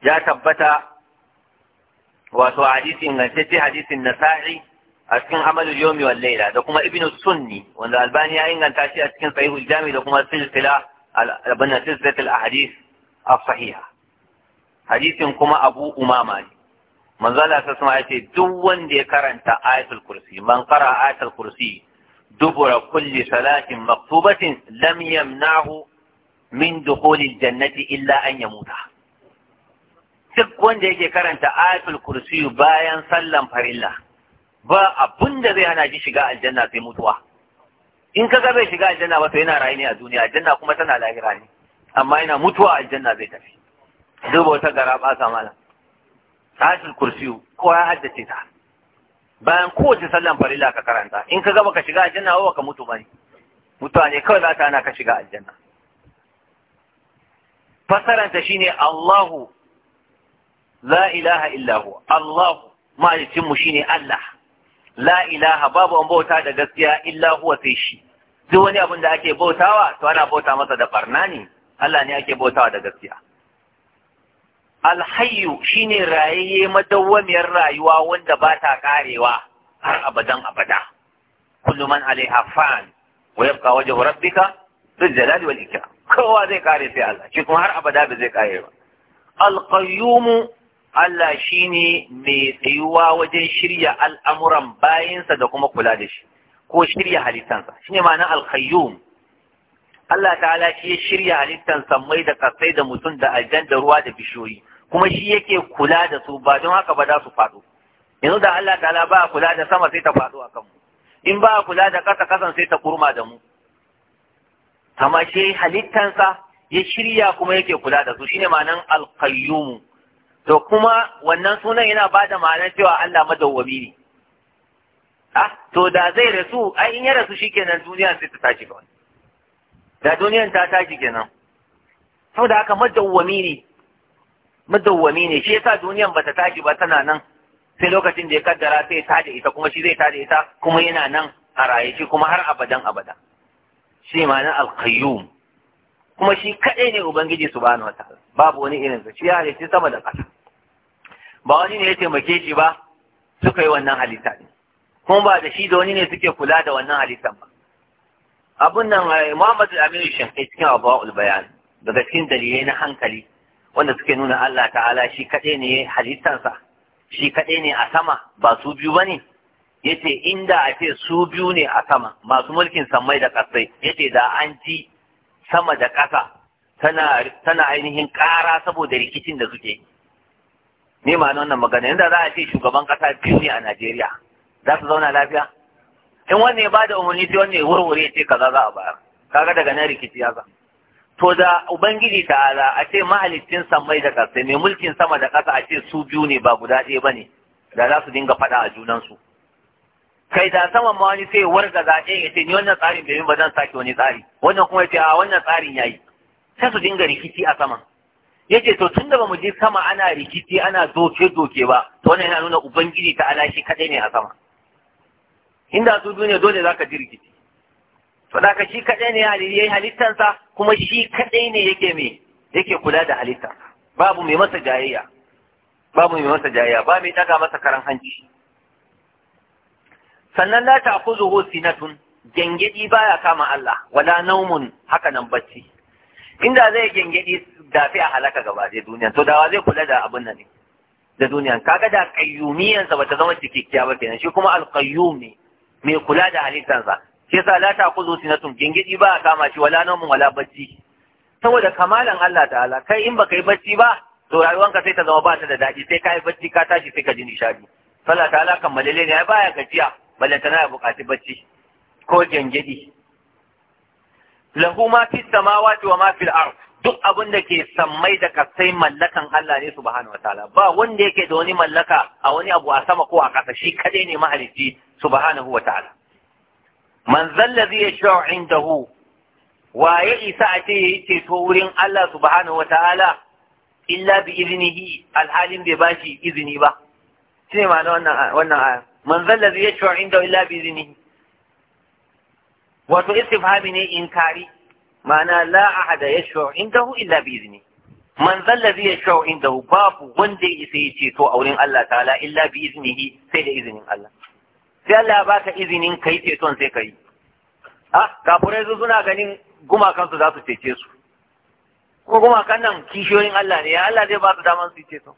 ya tabbata wato hadisi ingantacce hadisin nasa'i a cikin amalul yawmi wal layla da kuma ibnu sunni wanda albani ya inganta shi a cikin sahihul jami da kuma silsila al silsilatul ahadith as-sahiha hadisin kuma abu umama ne manzo Allah sai ce duk wanda ya karanta ayatul kursi man qara ayatul kursi dubura kulli salatin maktubatin lam yamnahu min dukhulil jannati illa an yamuta duk wanda yake karanta ayatul kursi bayan sallan farilla ba abun da zai hana shi shiga aljanna sai mutuwa in ka ga bai shiga aljanna ba to yana rayu ne a duniya aljanna kuma tana lahira ne amma yana mutuwa aljanna zai tafi duba wata gara ba sa mala hasil kursiyu ko ya haddace ta bayan kowace sallan farilla ka karanta in ka ga baka shiga aljanna ba baka mutu bane mutuwa ne kawai za ta hana ka shiga aljanna fasaranta shine Allahu la ilaha illahu, Allahu ma'alicin mu shine Allah la ilaha babu an bauta da gaskiya illa huwa sai shi duk wani abin da ake bautawa to ana bauta masa da barna ne Allah ne ake bautawa da gaskiya alhayyu shine rayaye madawwamiyar rayuwa wanda ba ta karewa har abadan abada kullu man alaiha fan wa yabqa wajhu rabbika bil jalali wal ikram kowa zai kare sai Allah shi kuma har abada ba zai kare ba Al-Qayyumu. Allah shi ne mai tsayuwa wajen shirya al'amuran bayansa da kuma kula da shi, ko shirya halittansa, shi ne ma'anin alkhayyum. Allah ta'ala shi ya shirya halittansa mai da kasai da mutum da aljan da ruwa da bishiyoyi, kuma shi yake kula da su ba don haka ba za su faɗo. Yanzu da Allah ta'ala ba a kula da sama sai ta faɗo a kanmu, in ba a kula da ƙasa ƙasan sai ta kurma da mu. Amma shi halittansa ya shirya kuma yake kula da su, shi ne ma'anin alkhayyumu. to kuma wannan sunan yana ba da ma'anar cewa Allah madawwami ne ah to da zai rasu ai in ya rasu shikenan duniya sai ta tashi kawai da duniyan ta tashi kenan saboda haka madawwami ne madawwami ne shi yasa duniyan bata tashi ba tana nan sai lokacin da ya kaddara sai ta tada ita kuma shi zai tada ita kuma yana nan a raye shi kuma har abadan abada shi ma'anar al-qayyum kuma shi kaɗai ne ubangiji su ba wataala babu wani irin sa shi ya halitta sama da ƙasa ba wani ne ya taimake shi ba suka yi wannan halitta ne, kuma ba da shi da wani ne suke kula da wannan halittan ba abun nan eh, Muhammadu Aminu Shankai cikin Abawul Bayan daga cikin dalilai na hankali wanda suke nuna Allah ta'ala shi kaɗai ne halittansa shi kaɗai ne a sama ba su biyu ba ne yace inda a ce su biyu ne a sama masu mulkin sammai da ƙasai yace da an ji sama da ƙasa tana ainihin ƙara saboda rikicin da suke ne ma wannan magana yadda za a ce shugaban ƙasa biyu ne a Najeriya za su zauna lafiya in wanne ba da umarni sai wanne wurwure ce kaza za a bayar kaga daga nan rikici ya ga to da ubangiji ta'ala a ce mahalicin samai da ƙasa mai mulkin sama da ƙasa a ce su biyu ne ba guda ɗaya ba ne da za su dinga faɗa a junansu kai da saman ma wani sai warga zaɓe ya ce ni wannan tsarin bai ba zan sake wani tsari wannan kuma ya ce a wannan tsarin yayi sai su dinga rikici a saman ce to tun da ba mu je sama ana rikici ana doke doke ba to wannan yana nuna ubangiji ta alashi kadai ne a sama inda su duniya dole zaka ji rikici to da ka shi kadai ne yayi halittansa kuma shi kadai ne yake me yake kula da halitta babu mai masa jayayya babu mai masa jayayya ba mai daga masa karan hanci sannan la ta'khuzuhu sinatun gengedi baya kama Allah wala naumun haka nan bacci inda zai gengedi da fi a halaka gaba zai duniya to dawa zai kula da abin nan da duniya kaga da qayyumiyan sa bata zama cikakkiya ba kenan shi kuma al mai kula da halittar sa shi sa la ta'khuzu sinatun gengedi baya kama shi wala naumun wala bacci saboda kamalan Allah ta'ala kai in baka yi bacci ba to rayuwanka sai ta zama ba ta da daɗi sai ka yi bacci ka tashi sai ka ji nishadi Allah ta'ala kammalele ne ya baya gajiya tana ya buƙaci bacci ko gyangyaɗi lahu ma fi samawati wa ma fil ard duk abin da ke sammai da kasai mallakan Allah ne subhanahu wataala ba wanda yake da wani mallaka a wani abu a sama ko a ƙasa shi kadai ne mahalicci subhanahu wataala man zallazi yashfa'u indahu wa ya isa a ce yayi ceto wurin Allah subhanahu wataala illa bi iznihi alhalin bai bashi izini ba shine ma'ana wannan wannan man zalla zai yashfa inda illa bi iznihi wato istifhami ne inkari ma'ana la ahada yashfa indahu illa bi iznihi man zalla zai yashfa indahu babu wanda ya isa ya ceto a wurin Allah ta'ala illa bi sai da izinin Allah sai Allah ya baka izinin kai ceton sai kai ah kafurai su suna ganin gumakan su za su cece su ko gumakan nan kishiyoyin Allah ne ya Allah zai ba su daman su ceto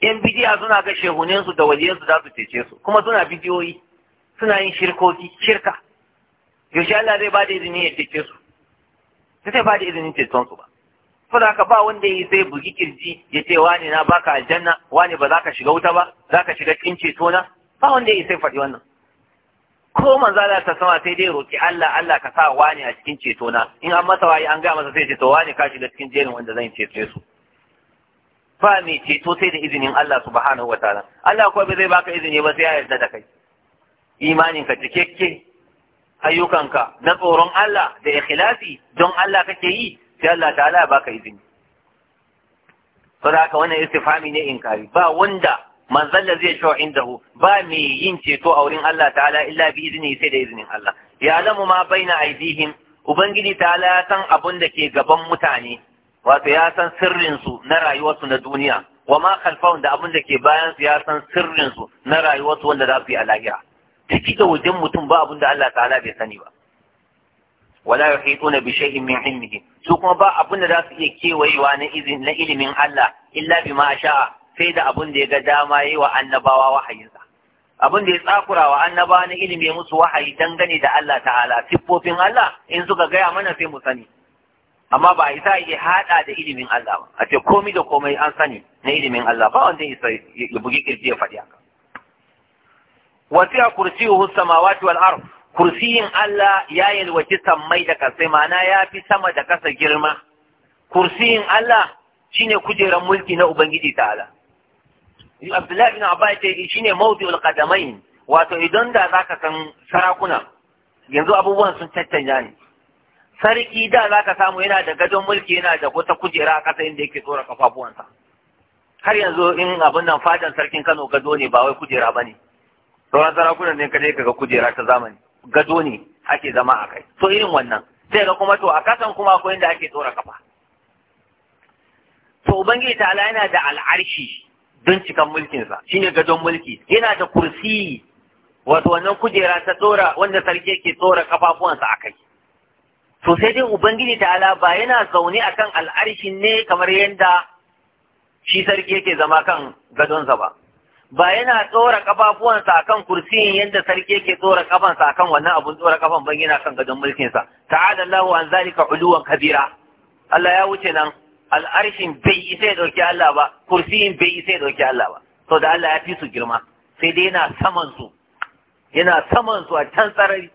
yan bidiya suna ga shehuninsu da waliyansu za su cece su kuma suna bidiyoyi suna yin shirkoki shirka yaushe Allah zai ba da izini ya cece su sai zai ba da izinin ceton su ba saboda haka ba wanda yi zai bugi kirji ya ce wani na baka aljanna wani ba za ka shiga wuta ba za ka shiga cikin ceto na ba wanda yi sai faɗi wannan ko manzo Allah ta sama sai dai roki Allah Allah ka sa wani a cikin ceto na in an masa wani an ga masa sai ce to wani ka shiga cikin jerin wanda zan cece su ba mai ceto sai da izinin Allah subhanahu wataala Allah ko bai zai baka izini ba sai ya yarda da kai ka cikakke ayyukanka na tsoron Allah da ikhlasi don Allah kake yi sai Allah ta'ala baka izini saboda wannan istifhami ne inkari ba wanda manzon da zai shawo indahu ba mai yin ceto a wurin Allah ta'ala illa bi izini sai da izinin Allah ya lamu ma baina aidihim ubangiji ta'ala ya san abun da ke gaban mutane wato ya san sirrinsu na rayuwarsu na duniya wa ma khalfahum da abin da ke bayan su ya san sirrinsu na rayuwarsu wanda za su yi a lahira ciki da wajen mutum ba abin da Allah ta'ala bai sani ba wala yuhituna bi shay'in min ilmihi su kuma ba abin da za su iya kewayewa na izin na ilimin Allah illa bima sha'a sai da abin da ya ga dama yayi wa annabawa wahayinsa abin da ya tsakura wa annabawa na ilimi musu wahayi dangane da Allah ta'ala siffofin Allah in suka gaya mana sai mu sani amma ba isa ya hada da ilimin Allah ba a ce komai da komai an sani na ilimin Allah ba wanda isa ya bugi kirji ya faɗi haka wasi'a kursiyuhu samawati wal ardh kursiyin Allah ya yalwaci sammai da kasai ma'ana ya fi sama da kasa girma kursiyin Allah shine kujeran mulki na ubangiji ta'ala Abdullahi bin Abbas ce shine mawdi'ul qadamain wato idan da zaka san sarakuna yanzu abubuwan sun tattanya ne sarki da za ka samu yana da gadon mulki yana da wata kujera a ƙasa inda yake tsora kafafuwansa har yanzu in abin nan fadan sarkin kano gado ne ba wai kujera ba ne sauran sarakunan ne kadai kaga kujera ta zamani gado ne ake zama a kai so irin wannan sai ga kuma to a ƙasan kuma akwai inda ake tsora kafa to ubangiji ta'ala yana da al'arshi don cikan mulkinsa shine gadon mulki yana da kursi wato wannan kujera ta tsora wanda sarki yake tsora kafafuwansa a kai to sai dai ubangiji ta'ala ba yana zaune akan al'arshin ne kamar yadda shi sarki yake zama kan gadonsa ba ba yana tsora kafafuwansa akan kursiyin yadda sarki yake tsora kafansa akan wannan abun tsora kafan ban yana kan gadon mulkinsa ta'ala Allahu an zalika uluwan kabira Allah ya wuce nan al'arshin bai isa ya dauki Allah ba kursiyin bai isa ya dauki Allah ba to da Allah ya fi su girma sai dai yana saman su yana saman su a can sarari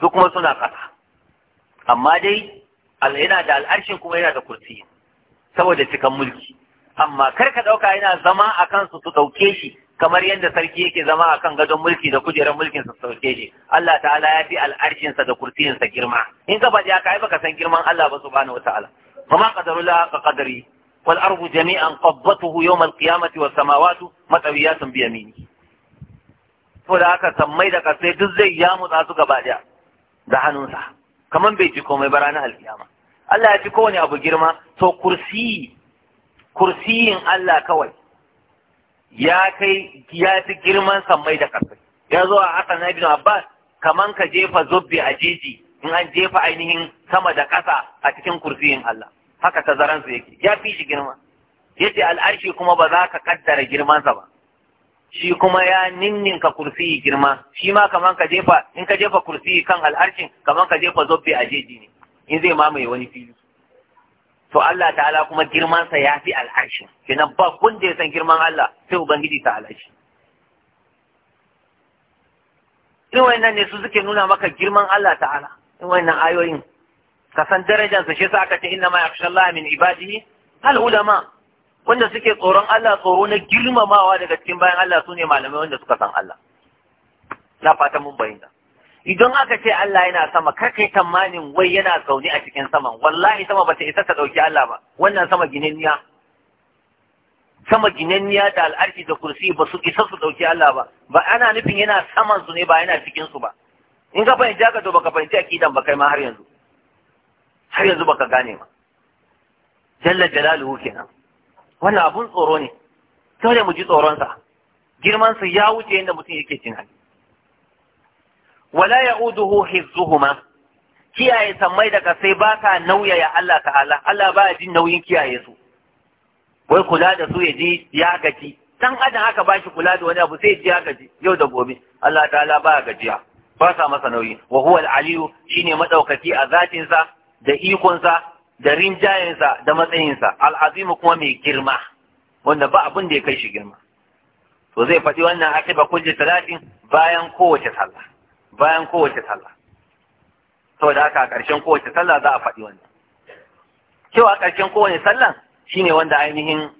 su kuma suna kasa amma dai yana da al'arshin kuma yana da kursi saboda cikan mulki amma kar ka ɗauka yana zama a kansu su ɗauke shi kamar yadda sarki yake zama a kan gadon mulki da kujerar mulkin su ɗauke shi Allah ta'ala ya fi al'arshinsa da kursiyinsa girma in ka faɗi haka ai san girman Allah ba su subhanahu wata'ala kuma qadarullah ka ƙadari. wal arbu jami'an qabbatuhu yawm wasu qiyamati was samawati matawiyatun bi yamini to da haka sammai da kasai duk zai yamu su gaba da hannunsa kaman bai ji komai ba ranar alkiyama Allah ya ji kowane abu girma to kursi kursiyin Allah kawai ya kai ya fi girman samai da ƙarfi ya zo a haka na ibn Abbas kaman ka jefa zubbi a jeji in an jefa ainihin sama da ƙasa a cikin kursiyin Allah haka tazaransu yake ya fi shi girma yace al'arshi kuma ba za ka kaddara girmansa ba shi kuma ya ninninka kursi girma shi ma kaman ka jefa in ka jefa kursi kan al'arshin kaman ka jefa zobbe a jeji ne in zai mamaye wani fili to Allah ta'ala kuma girmansa ya fi al'arshin kenan ba kun da san girman Allah sai ubangiji ta al'arshi in wayannan ne su suke nuna maka girman Allah ta'ala in wayannan ayoyin ka san sa shi sa aka ce inna ma yakhshallaha min ibadihi al ulama wanda suke tsoron Allah tsoro na girmamawa daga cikin bayan Allah su ne malamai wanda suka san Allah na fata mun bayyana idan aka ce Allah yana sama kar kai tamanin wai yana zaune a cikin saman wallahi sama ba ta isa ta ɗauki Allah ba wannan sama ginenniya sama ginenniya da al'arki da kursi ba su isa su ɗauki Allah ba ba ana nufin yana saman su ne ba yana cikin su ba in ka fahimci haka to baka fahimci akidan ba kai ma har yanzu har yanzu baka gane ma. jalla jalaluhu kenan wannan abun tsoro ne dole mu ji tsoron tsoronsa girmansa ya wuce yadda mutum yake cin hali wala ya'uduhu hizzuhuma, kiyaye sammai da sai ba ka ya Allah ta'ala Allah ba ya jin nauyin kiyaye su wai kula da su ya ji ya gaji dan adam aka bashi kula da wani abu sai ji ya gaji yau da gobe Allah ta'ala ba gajiya ba sa masa nauyi wa huwa al-aliyu shine madaukaki a zatin sa da ikonsa. da rinjayensa da matsayinsa al'azimu kuma mai girma wanda ba abin da ya kai shi girma to zai faɗi wannan ba kulle talatin bayan kowace sallah bayan kowace sallah saboda haka a ƙarshen kowace sallah za a faɗi wannan cewa ƙarshen kowace sallah shine wanda ainihin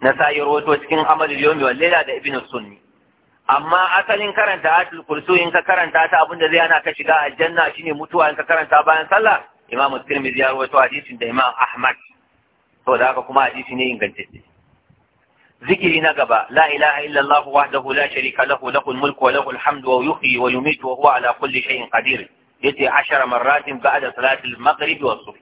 na sayi rawato cikin amalin yomi wal da ibnu sunni amma asalin karanta ayatul kursu in ka karanta ta abin da zai hana ka shiga aljanna shine mutuwa in ka karanta bayan sallah imam tirmidhi ya rawaito hadisin da imam ahmad to da haka kuma hadisi ne ingantacce ذكري نقبا لا إله إلا الله وحده لا wa له له الملك وله الحمد ويحيي ويميت وهو على كل شيء قدير يتي عشر مرات بعد صلاة المغرب والصبح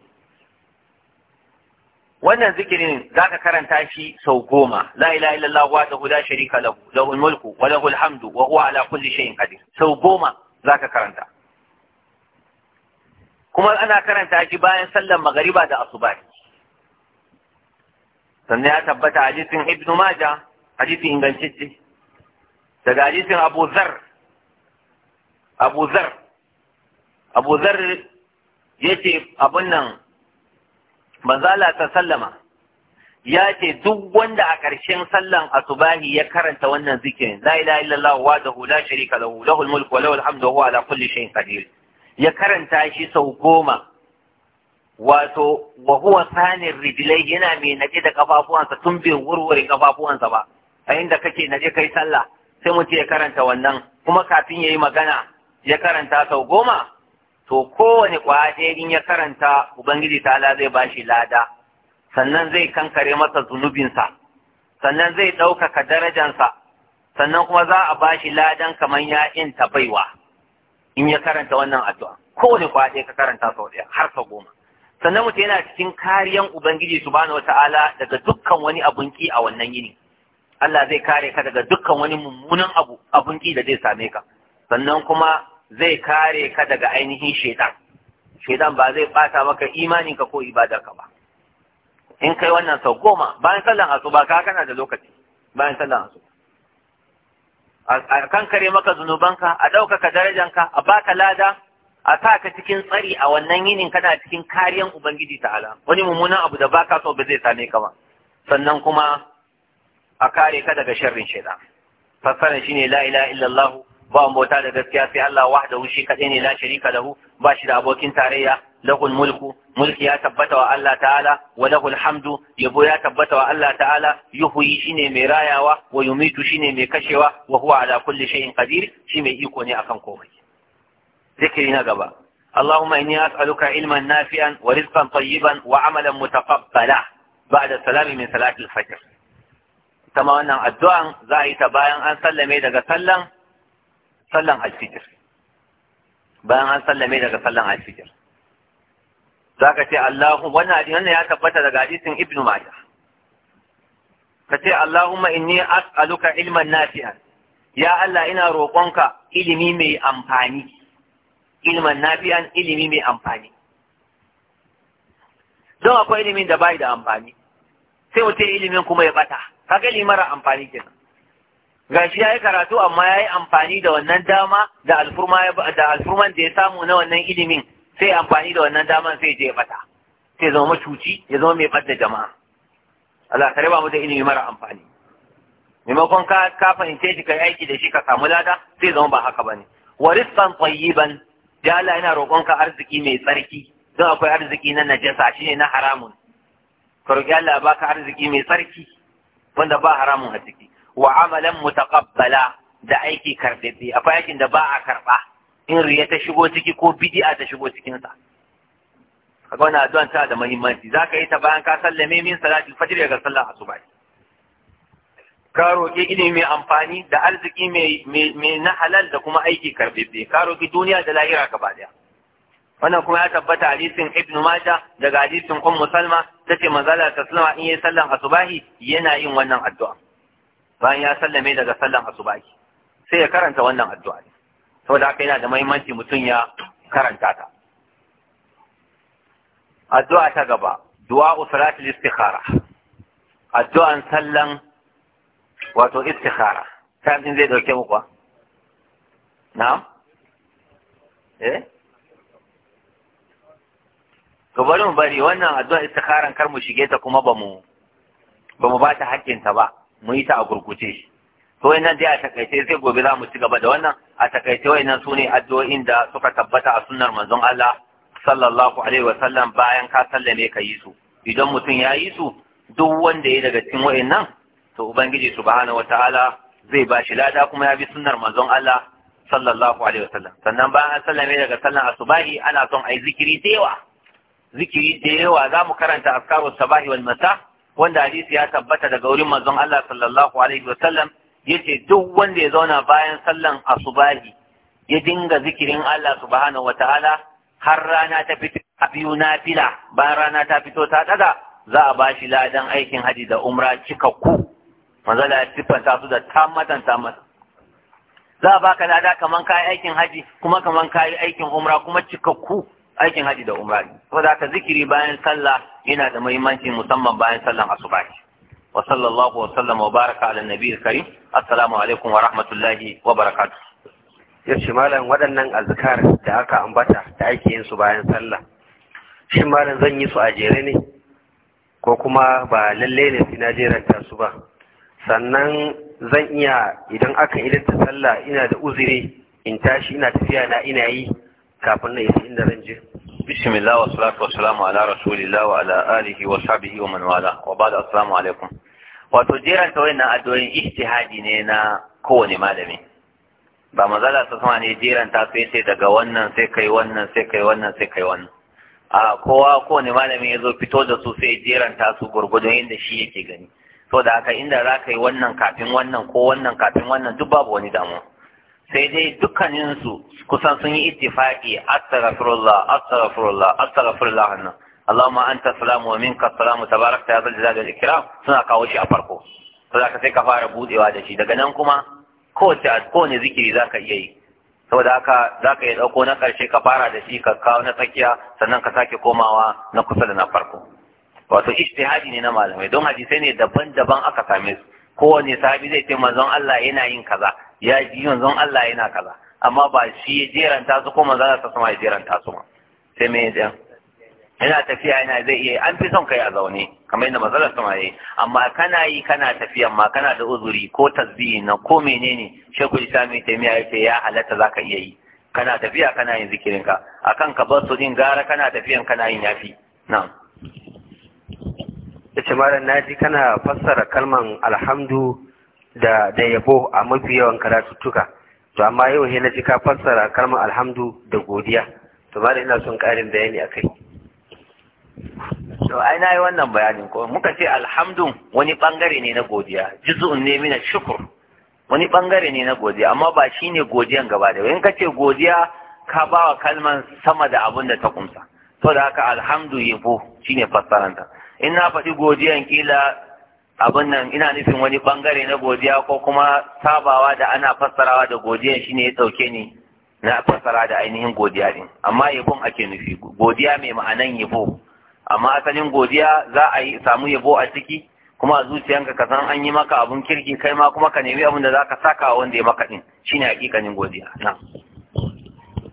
wannan zikirin za ka karanta shi sau goma la ilaha illallah wahdahu la sharika lahu lahul mulku wa lahul hamdu wa huwa ala kulli shay'in qadir sau goma za ka karanta kuma ana karanta shi bayan sallar magariba da asuba sannan ya tabbata hadisin ibn maja hadisin ingantacce daga hadisin abu zar abu zar abu zar yace abun nan manzala ta sallama ya ce duk wanda a ƙarshen sallan asubahi ya karanta wannan zikirin la ilaha illallah wa la sharika lahu lahul mulku wa lahul hamdu wa huwa ala kulli shay'in qadir ya karanta shi sau goma wato wa huwa sanin rijilai yana mai naje da kafafuwansa tun bai wurwuri kafafuwansa ba a inda kake naje kai sallah sai mutum ya karanta wannan kuma kafin ya yi magana ya karanta sau goma to kowane kwaje in ya karanta ubangiji ta'ala zai ba shi lada sannan zai kankare masa zunubinsa sannan zai ɗaukaka darajansa sannan kuma za a ba shi ladan kamar ya ta baiwa in ya karanta wannan addu'a Ko kowane kwaɗe ka karanta sau ɗaya har sau goma sannan mutum yana cikin kariyan ubangiji subhanahu wataala daga dukkan wani abun ki a wannan yini Allah zai kare ka daga dukkan wani mummunan abu abun ki da zai same ka sannan kuma zai kare ka daga ainihin shaitan shaitan ba zai bata maka imaninka ko ibadarka ba in kai wannan sau goma bayan sallan asuba ka kana da lokaci bayan sallan asuba a kankare maka zunubanka a ɗaukaka darajanka a baka lada a sa ka cikin tsari a wannan yinin kana cikin kariyan ubangiji ta'ala wani mummunan abu da baka so ba zai same ka ba sannan kuma a kare ka daga sharrin shaida Fassara shine la ilaha illallah ba bauta da gaskiya sai Allah wahdahu shi kadai ne la sharika lahu ba shi da abokin tarayya lahul mulku mulki ya tabbata wa Allah ta'ala wa lahul hamdu yabo ya tabbata wa Allah ta'ala yuhyi shine mai rayawa wa yumitu shine mai kashewa wa huwa ala kulli shay'in qadir shi mai iko ne akan komai zikiri na gaba اللهم إني أسألك علما نافعا ورزقا طيبا وعملا متقبلا بعد mai من صلاة الفجر addu'an za yi ta bayan an sallame daga sallan sallan alfijir bayan an sallame daga sallan alfijir Za ka ce Allahu wannan hadisin ya tabbata daga hadisin Ibn Majah kace Allahumma inni as'aluka ilman nafi'an ya Allah ina roƙonka ilimi mai amfani ilman nafi'an ilimi mai amfani don akwai ilimin da bai da amfani sai mutum ilimin kuma ya bata kaga ilimi mara amfani kenan gashi ya yi karatu amma ya yi amfani da wannan dama da alfurman da ya samu na wannan ilimin sai amfani da wannan dama sai je bata sai zama macuci ya zama mai ɓadda jama'a Allah ka ba mu da ilimi mara amfani maimakon ka ka fahimce shi kai aiki da shi ka samu lada sai zama ba haka bane wa rizqan tayyiban ya Allah ina roƙon ka arziki mai tsarki don akwai arziki na najasa shine na haramun ka roƙi Allah baka arziki mai tsarki wanda ba haramun a ciki wa amalan mutaqabbala da aiki karɓaɓɓe akwai aikin da ba a karɓa in riya ta shigo ciki ko bid'a ta shigo cikin sa kaga wannan addu'an ta da muhimmanci zaka yi ta bayan ka sallame min salati fajr ga sallar asuba ka roƙi ilimi mai amfani da arziki mai na halal da kuma aiki karɓaɓɓe ka roƙi duniya da lahira gaba wannan kuma ya tabbata hadisin ibnu maja daga hadisin ummu salma tace manzala ta sallama in yayi sallan asubahi yana yin wannan addu'a bayan ya sallame daga sallan ki sai ya karanta wannan addu'a saboda haka yana da muhimmanci mutum ya karanta ta addu'a ta gaba du'a salatul istikhara addu'an sallan wato istikhara ta din zai dauke muku na'am eh to bari mu bari wannan addu'a istikharan kar mu shige ta kuma ba mu ba mu ba ta hakkin ta ba mun yi ta a gurguje to wannan dai a takaice sai gobe za mu ci gaba da wannan a takaice wayannan su ne addu'o'in da suka tabbata a sunnar manzon Allah sallallahu alaihi wasallam bayan ka sallame ka yi su idan mutum ya yi su duk wanda ya daga cikin wayannan to ubangiji subhanahu wataala zai ba shi lada kuma ya bi sunnar manzon Allah sallallahu alaihi wasallam sannan bayan an sallame daga sallan asubahi ana son ayi zikiri da yawa zikiri da yawa za mu karanta askaru sabahi wal masa wanda hadisi ya tabbata daga wurin manzon Allah sallallahu alaihi wasallam yace duk wanda ya zauna bayan sallan asubahi ya dinga zikirin Allah subhanahu wataala har rana ta fito a biyu nafila bayan rana ta fito ta daga za a bashi ladan aikin haji da umra cikakku manzon Allah ya siffanta su da tamatan tamatan za a baka lada kaman kayi aikin haji kuma kaman kayi aikin umra kuma cikakku aikin haji da umra ne saboda haka zikiri bayan sallah yana da muhimmanci musamman bayan sallan asuba wa sallallahu wa sallam wa baraka ala nabiyil karim assalamu alaikum wa rahmatullahi wa barakatuh yace malam waɗannan azkar da aka ambata da ake yin su bayan sallah shin malam zan yi su a jere ne ko kuma ba lalle ne sai na ta su ba sannan zan iya idan aka idanta sallah ina da uzuri in tashi ina tafiya na ina yi kafin na isi inda zan je bismillah wa salatu wa salamu ala rasulillah wa ala alihi wa sahbihi wa man wala wa ba'da assalamu alaikum wato jeran ta wayannan addu'o'in ijtihadi ne na kowane malami ba mazala ta sama ne jeran ta sai sai daga wannan sai kai wannan sai kai wannan sai kai wannan a kowa kowane malami ya zo fito da su sai jeran ta su gurgudun yadda shi yake gani so da haka inda za ka yi wannan kafin wannan ko wannan kafin wannan duk babu wani damuwa sai dai dukkaninsu kusan sun yi ittifaqi astaghfirullah astaghfirullah astaghfirullah hannan Allahumma anta salamu wa minka salamu tabarakta ya zal jalali ikram suna kawo shi a farko to zaka sai ka fara budewa da shi daga nan kuma kowace ne zikiri zaka iya yi saboda haka zaka iya dauko na karshe ka fara da shi ka kawo na tsakiya sannan ka sake komawa na kusa da na farko wato ijtihadi ne na malamai don hadisai ne daban-daban aka same su kowane sahabi zai ce manzon Allah yana yin kaza ya ji manzon Allah yana kaza amma ba shi ya jeranta su ko manzon Allah sama ya jeranta su sai me ya yana tafiya yana zai iya an fi son kai a zaune kamar yadda matsalar sama yayi amma kana yi kana tafiya ma kana da uzuri ko tasbihi na ko menene shekul islam ya taimiya ya ce ya halatta zaka iya yi kana tafiya kana yin zikirinka akan ka bar su din gara kana tafiyan kana yin yafi na'am ce na ji kana fassara kalman alhamdu da da yabo a mafi yawan karatuttuka to amma yau he ji ka fassara kalman alhamdu da godiya to mara ina son ƙarin bayani a kai. to ai na yi wannan bayanin ko muka ce alhamdu wani bangare ne na godiya juz'un ne mina shukr wani bangare ne na godiya amma ba shine godiyan gaba da in ka ce godiya ka bawa kalman sama da abin da ta kumsa to da haka alhamdu yabo shine fassaranta in na faɗi godiyan kila abin nan ina nufin wani ɓangare na godiya ko kuma sabawa da ana fassarawa da godiyan shine ya ɗauke ni na fassara da ainihin godiya ne, amma yabon ake nufi godiya mai ma'anan yabo amma asalin godiya za a yi samu yabo a ciki kuma a zuciyanka ka san an yi maka abun kirki kai ma kuma ka nemi abin da zaka saka wanda ya maka din shine hakikanin godiya na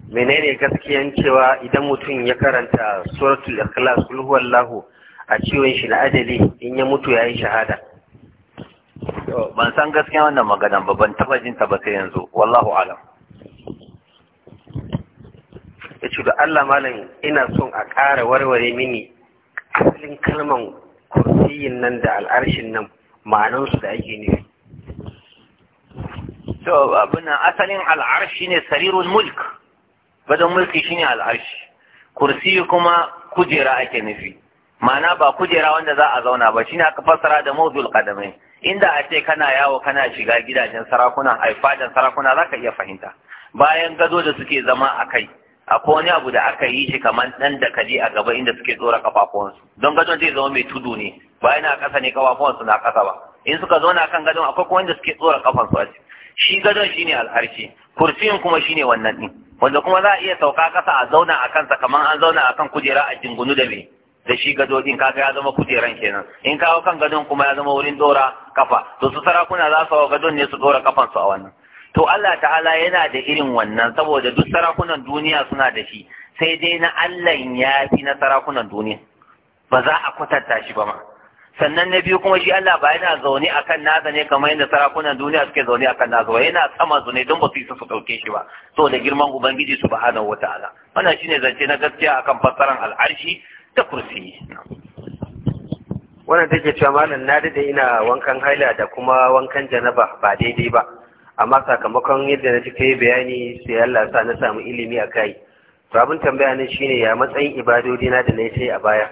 menene gaskiyan cewa idan mutum ya karanta suratul ikhlas kul huwallahu a ciwon shi na ajali in ya mutu ya yi shahada ban san gaskiya wannan maganan ba ban taba jin ta ba sai yanzu wallahu alam ya ce da Allah malam ina son a ƙara warware mini asalin kalman kursiyin nan da al'arshin nan ma'anansu da ake nufi to abin nan asalin al'arshi ne sarirul mulk badon mulki shine al'arshi kursi kuma kujera ake nufi ma'ana ba kujera wanda za a zauna ba shine aka fassara da mawzul qadamai inda a ce kana yawo kana shiga gidajen sarakuna ai fadan sarakuna zaka iya fahimta bayan gado da suke zama a kai akwai wani abu da aka yi shi kamar dan da kaji a gaba inda suke tsora kafafuwansu don gadon zai zama mai tudu ne bayan a ƙasa ne kafafuwansu na ƙasa ba in suka zauna kan gadon akwai kuma wanda suke tsora kafansu a shi gadon shine alharshe kursiyin kuma shine wannan din wanda kuma za a iya sauka ƙasa a zauna a kansa kamar an zauna akan kujera a jingunu da me da shi gado gadodin kaga ya zama kujeran kenan in kawo kan gadon kuma ya zama wurin dora kafa to su sarakuna za su hawa gadon ne su dora kafan su a wannan to Allah ta'ala yana da irin wannan saboda duk sarakunan duniya suna da shi sai dai na Allah ya fi na sarakunan duniya ba za a kwatanta shi ba ma sannan na biyu kuma shi Allah ba yana zaune akan nasa ne kamar yadda sarakunan duniya suke zaune akan nasa ba yana sama su ne don ba su isa su ɗauke shi ba so da girman ubangiji subhanahu wataala wannan shine zance na gaskiya akan fassaran al'arshi da kursi wannan take cewa malam na dade ina wankan haila da kuma wankan janaba ba daidai ba amma sakamakon yadda na ji kai bayani sai Allah sa na samu ilimi a kai to abin tambaya ne shine ya matsayin ibadodi na da na sai a baya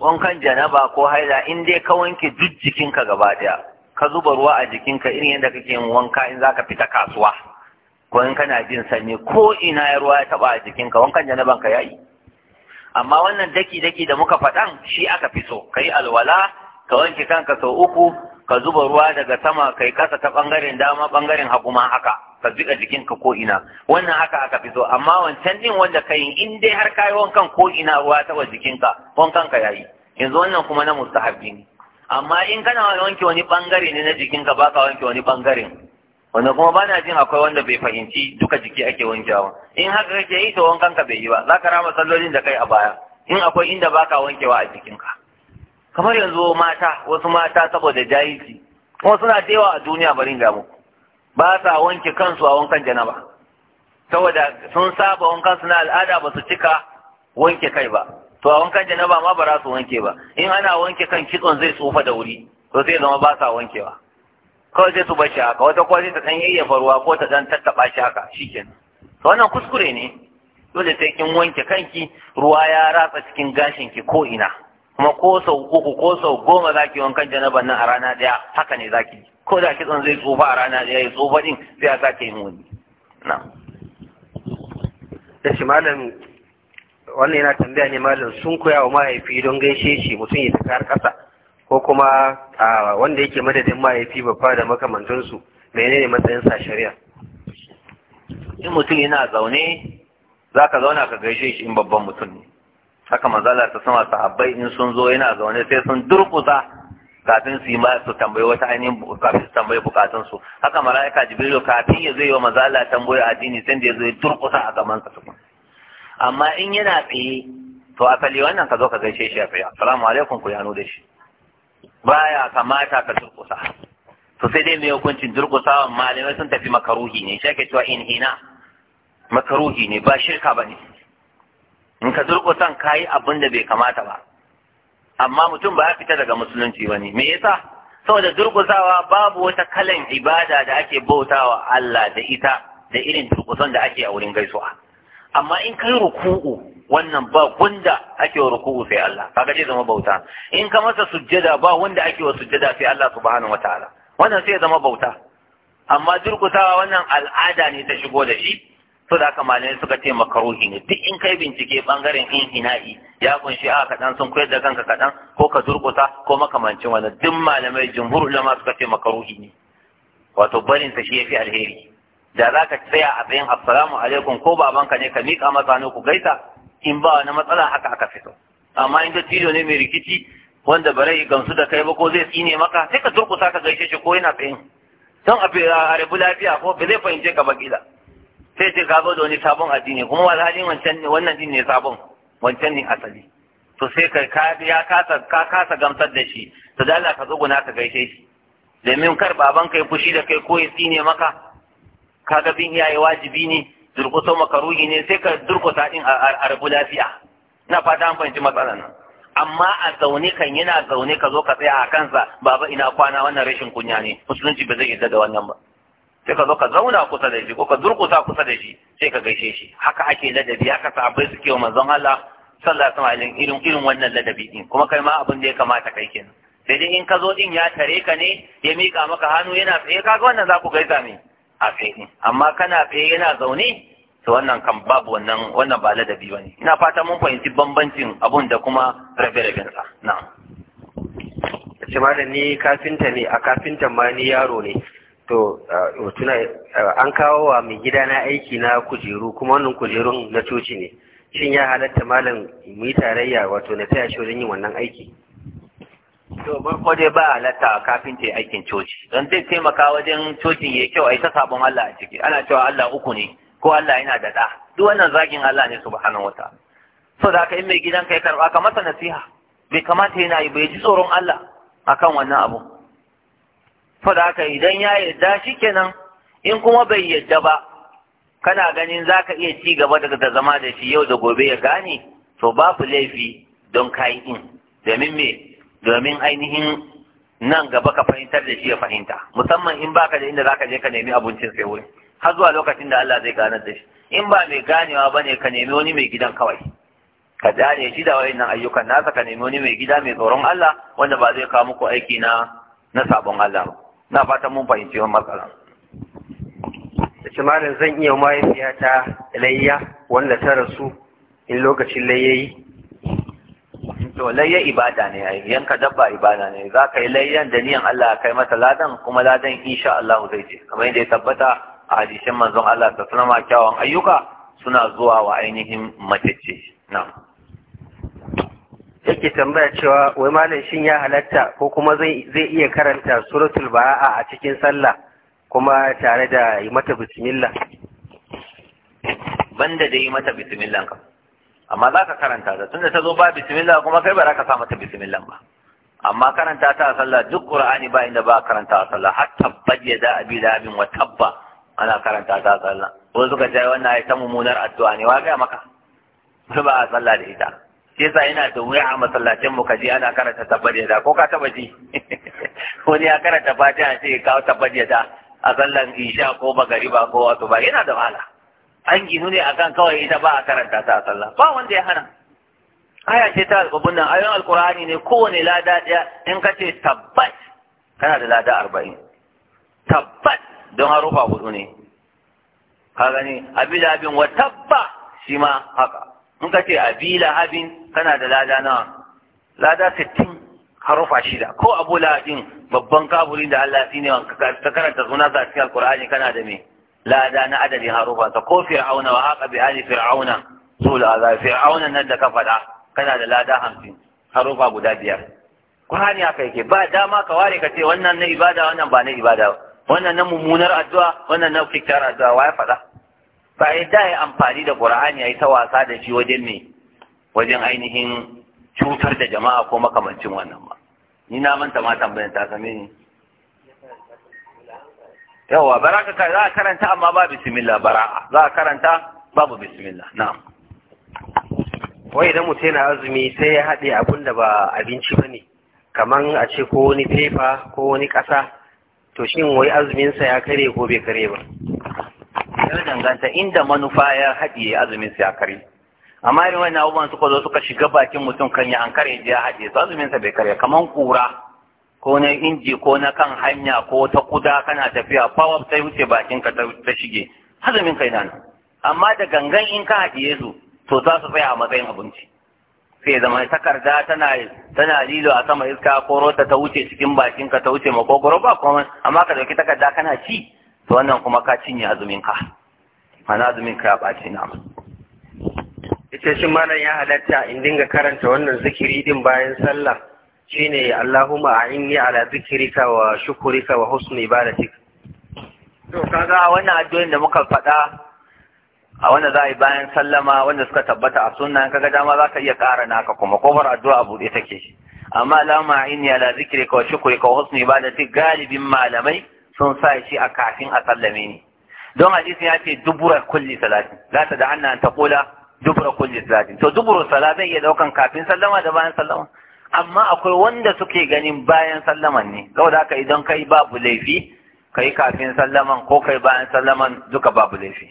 wankan janaba ko haila in dai ka wanke duk jikinka gaba daya ka zuba ruwa a jikinka irin yadda kake yin wanka in zaka fita kasuwa ko in kana jin sanyi ko ina ruwa ya taba a jikinka wankan janaban ka yayi amma wannan daki-daki da muka faɗan shi aka fi so ka yi alwala ka wanke kanka sau uku ka zuba ruwa daga sama kai kasa ta ɓangaren dama ɓangaren hagu ma haka ka jiƙa jikinka ko ina wannan haka aka fi so amma wancan din wanda ka yi in dai har kayi wankan ko ina ruwa ta wa jikinka wankan ka yayi yanzu wannan kuma na mustahabbi ne amma in kana wanke wani ɓangare ne na jikinka ba ka wanke wani ɓangaren wanda kuma ba na jin akwai wanda bai fahimci duka jiki ake wankewa in haka kake yi to wankan ka bai yi ba za ka rama sallolin da kai a baya in akwai inda baka wankewa a jikinka kamar yanzu mata wasu mata saboda jahilci kuma suna da yawa a duniya barin gamu ba sa wanke kansu a wankan janaba saboda sun saba wankan su na al'ada ba su cika wanke kai ba to a wankan janaba ma ba za su wanke ba in ana wanke kan kitson zai tsufa da wuri to sai zama ba sa wankewa kawai sai su bashi haka wata kwa sai ta san yayyafa ruwa ko ta san tattaɓa shi haka shikenan to wannan kuskure ne dole sai kin wanke kanki ruwa ya ratsa cikin gashin ki ko ina kuma ko sau uku ko sau goma zaki wankan janaban nan a rana ɗaya haka ne zaki ko da kitson zai tsufa a rana ɗaya ya tsufa ɗin, sai a sake yin wani na da shi malam wannan yana tambaya ne malam sun koya wa mahaifi don gaishe shi mutum ya tafi har ƙasa ko kuma a wanda yake madadin mahaifi babba da makamantansu menene matsayin sa shari'a in mutum yana zaune zaka zauna ka gaishe shi in babban mutum ne haka manzala ta sama sahabbai in sun zo yana zaune sai sun durkusa kafin su yi ma su tambayi wata ainihin kafin su tambayi bukatun su haka mala'ika jibrilu kafin ya zai yi wa manzala tambayi addini sai da ya zo ya durkusa a gaban ka tukun amma in yana tsaye to a kalli wannan ka zo ka gaishe shi a tsaye assalamu alaikum ku yano da shi baya kamata ka durkusa to sai dai mai hukuncin durkusawa malamai sun tafi makaruhi ne shi ake cewa hina makaruhi ne ba shirka ba ne in ka durkusan ka yi abin da bai kamata ba amma mutum ba ya fita daga musulunci ba ne me yasa saboda durkusawa babu wata kalan ibada da ake bautawa Allah da ita da irin durkusan da ake a wurin gaisuwa amma in kai ruku'u wannan ba wanda ake wa ruku'u sai Allah kaga zai zama bauta in ka masa sujjada ba wanda ake wa sujjada sai Allah subhanahu wataala wannan sai zama bauta amma durkutawa wannan al'ada ne ta shigo da shi to da malamai suka ce makaruhi ne duk in kai bincike bangaren hina'i ya kunshi a kaɗan sun koyar da kanka kadan ko ka durkuta ko makamancin wannan duk malamai jumhur ulama suka ce makaruhi ne wato barin ta shi yafi alheri da za ka tsaya a tsayin assalamu alaikum ko babanka ne ka miƙa masa ku gaisa in ba wani matsala haka aka fito amma in tilo ne mai rikici wanda ba rai gamsu da kai ba ko zai tsine maka sai ka turkusa ka gaishe shi ko yana tsayin don a rabu lafiya ko ba zai fahimce ka ba kila sai ce ka zo da wani sabon addini kuma alhalin wancan wannan din ne sabon wancan ne asali to sai ka ya kasa ka kasa gamsar da shi to da Allah ka tsuguna ka gaishe shi domin kar Babanka kai fushi da kai ko ya tsine maka kaga bin iyaye wajibi ne durkusa makaruhi ne sai ka durkusa din a rabu lafiya na fata an fahimci matsalan nan amma a zaune kan yana zaune ka zo ka tsaya a kansa baba ina kwana wannan rashin kunya ne musulunci ba zai yarda da wannan ba sai ka zo ka zauna kusa da shi ko ka durkusa kusa da shi sai ka gaishe shi haka ake ladabi haka abai suke wa manzon Allah sallallahu alaihi wasallam irin irin wannan ladabi din kuma kai ma abin da ya kamata kai kenan sai dai in ka zo din ya tare ka ne ya mika maka hannu yana tsaye kaga wannan za ku gaisa ne a tsaye amma kana tsaye yana zaune to wannan kan babu wannan wannan ba ladabi bane ina fata mun fahimci bambancin abun da kuma rabe-raben sa na'am ce malam ni kafinta ne a kafinta ma ni yaro ne to eh, tuna eh, an kawo wa mai gida na aiki na kujeru kuma wannan kujerun na coci ne shin ya halatta malam mu yi tarayya wato na taya shi wajen yin wannan aiki to farko dai ba halatta kafin ta aikin coci don zai taimaka wajen cocin ya kyau a yi ta sabon Allah a ciki ana cewa Allah uku ne ko Allah yana da ɗa duk wannan zagin Allah ne su ba hannun wata so da aka yi mai gidan kai karɓa ka masa nasiha bai kamata yana yi bai ji tsoron Allah a kan wannan abu so da yi, idan ya yarda kenan in kuma bai yarda ba kana ganin za ka iya ci gaba da zama da shi yau da gobe ya gane to babu laifi don kayi in domin me domin ainihin nan gaba ka fahimtar da shi ya fahimta musamman in baka da inda zaka je ka nemi abincin sai wuri har zuwa lokacin da Allah zai ganar da shi in ba mai ganewa bane ka nemi wani mai gidan kawai ka dare shi da wayannan ayyukan nasa ka nemi wani mai gida mai tsoron Allah wanda ba zai kawo muku aiki na na sabon Allah ba na fatan mun fahimci wannan matsalan shi malam zan iya mahaifiyata layya wanda ta rasu in lokacin layyayi to layya ibada ne yayi yanka dabba ibada ne za ka yi layyan da niyan Allah ya kai mata ladan kuma ladan insha Allah zai je kamar yadda ya tabbata a hadisin manzon Allah ta sallama kyawun ayyuka suna zuwa wa ainihin matacce na'am yake tambaya cewa wai malam shin ya halatta ko kuma zai zai iya karanta suratul bara'a a cikin sallah kuma tare da yi mata bismillah banda da yi mata bismillah amma za ka karanta ta tunda ta zo ba bismillah kuma kai ba za ka sa mata bismillah ba amma karanta ta a sallah duk qur'ani ba inda ba karanta a sallah hatta bayyada abi abin wa tabba ana karanta ta a sallah wasu suka ce wannan ai ta mummunar addu'a ne wa ga maka ba a sallah da ita sai sa ina da wuya a masallacin mu kaji ana karanta tabbar yada ko ka taba ji wani ya karanta fatiha sai ya kawo tabbar yada a sallan isha ko magariba ko asuba ba yana da wahala an ginu ne akan kawai ita ba a karanta ta a sallah ba wanda ya hana aya ce ta albabun nan ayon alkur'ani ne kowane lada ɗaya in ka ce tabbat kana da lada arba'in tabbat don harufa hudu ne ka gani abila abin wa tabba shi ma haka in ka ce abila abin kana da lada nawa lada sittin harufa shida ko abu lahabin babban kaburin da Allah ya ne ka karanta sunansa a cikin alkur'ani kana da me lada na adadin harufansa ko fir'auna wa haka bi ali fir'auna su la'aza fir'auna nan da ka faɗa kana da lada hamsin harufa guda biyar kurani haka yake ba dama ka ware ka ce wannan na ibada wannan ba na ibada wannan na mummunar addu'a wannan na fitar addu'a wa ya faɗa ba ya da ya amfani da ƙur'ani ya yi ta wasa da shi wajen ne wajen ainihin cutar da jama'a ko makamancin wannan ba ni na manta ma tambayan ta same ni yawa baraka ka za a karanta amma ba bismillah bara, za a karanta babu bismillah na'am wai idan mutum yana azumi sai ya haɗe abin da ba abinci ba ne kaman a ce ko wani fefa ko wani ƙasa to shin wai azuminsa ya kare ko bai kare ba ya danganta inda manufa ya haɗiye azuminsa ya kare amma irin wani abubuwan suka zo suka shiga bakin mutum kan ya an kare ya haɗiye su azuminsa bai kare kaman kura ko na inji ko na kan hanya ko ta kuda kana tafiya power sai wuce bakin ka ta shige hazamin kai nan amma da gangan in ka haɗiye su to za su tsaya a matsayin abinci sai zama takarda tana tana lilo a sama iska ko rota ta wuce cikin bakin ka ta wuce makogoro ba kuma amma ka dauki takarda kana ci to wannan kuma ka cinye azumin ka ana azumin ka ya ɓaci na ita shi malam ya halatta in dinga karanta wannan zikiri din bayan sallah shine Allahumma a'inni ala zikrika wa shukrika wa husni ibadatik to kaga wannan addu'o'in da muka faɗa a wanda za a yi bayan sallama wanda suka tabbata a sunna kaga dama za ka iya ƙara naka kuma kofar addu'a a buɗe take amma lama inni ala zikrika wa shukrika wa husni ibadati galibin malamai sun sa shi a kafin a sallame ni don hadisi ya ce dubura kulli salatin za ta da annan ta kula dubura kulli salatin to dubura sala zai iya daukan kafin sallama da bayan sallama amma akwai wanda suke ganin bayan sallaman ne saboda haka idan kai babu laifi kai kafin sallaman ko kai bayan sallaman duka babu laifi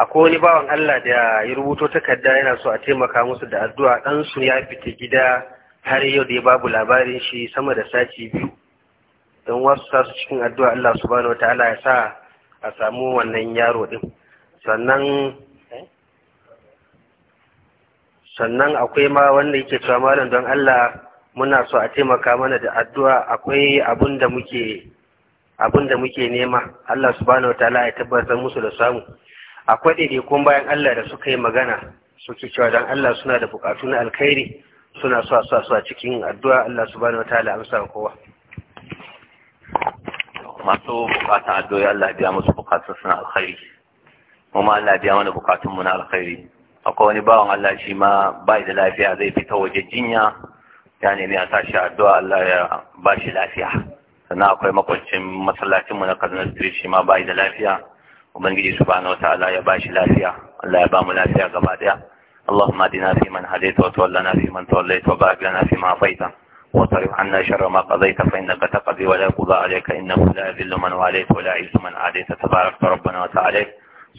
akwai wani bawan Allah da ya rubuto takarda yana so a taimaka musu da addu'a ɗansu ya fita gida har yau da ya babu labarin shi sama da sati biyu don wasu sa su cikin addu'a Allah subhanahu wataala ya sa a samu wannan yaro din sannan sannan akwai ma wanda yake cewa malam don Allah muna so a taimaka mana da addu'a akwai abin da muke abin da muke nema Allah subhanahu wataala ya tabbatar musu da samu akwai ɗaiɗaikun bayan Allah da suka yi magana suke cewa don Allah suna da buƙatu na alkhairi suna so a so a cikin addu'a Allah subhanahu wataala amsa kowa masu bukatan addu'a Allah biya musu bukatun suna alkhairi kuma Allah biya mana bukatun mu na alkhairi akwai wani bawan Allah shi ma bai da lafiya zai fita waje jinya ya nemi a tashi addu'a Allah ya ba shi lafiya sannan akwai makwacin masallacin mu na Kaduna Street shi ma bai da lafiya ubangiji subhanahu wataala ya ba shi lafiya Allah ya ba mu lafiya gaba daya اللهم اهدنا فيمن هديت وتولنا فيمن توليت وبارك لنا فيما اعطيت وصرف عنا شر ما قضيت فانك تقضي ولا يقضى عليك انه لا يذل من واليت ولا يعز من عاديت تبارك ربنا وتعالى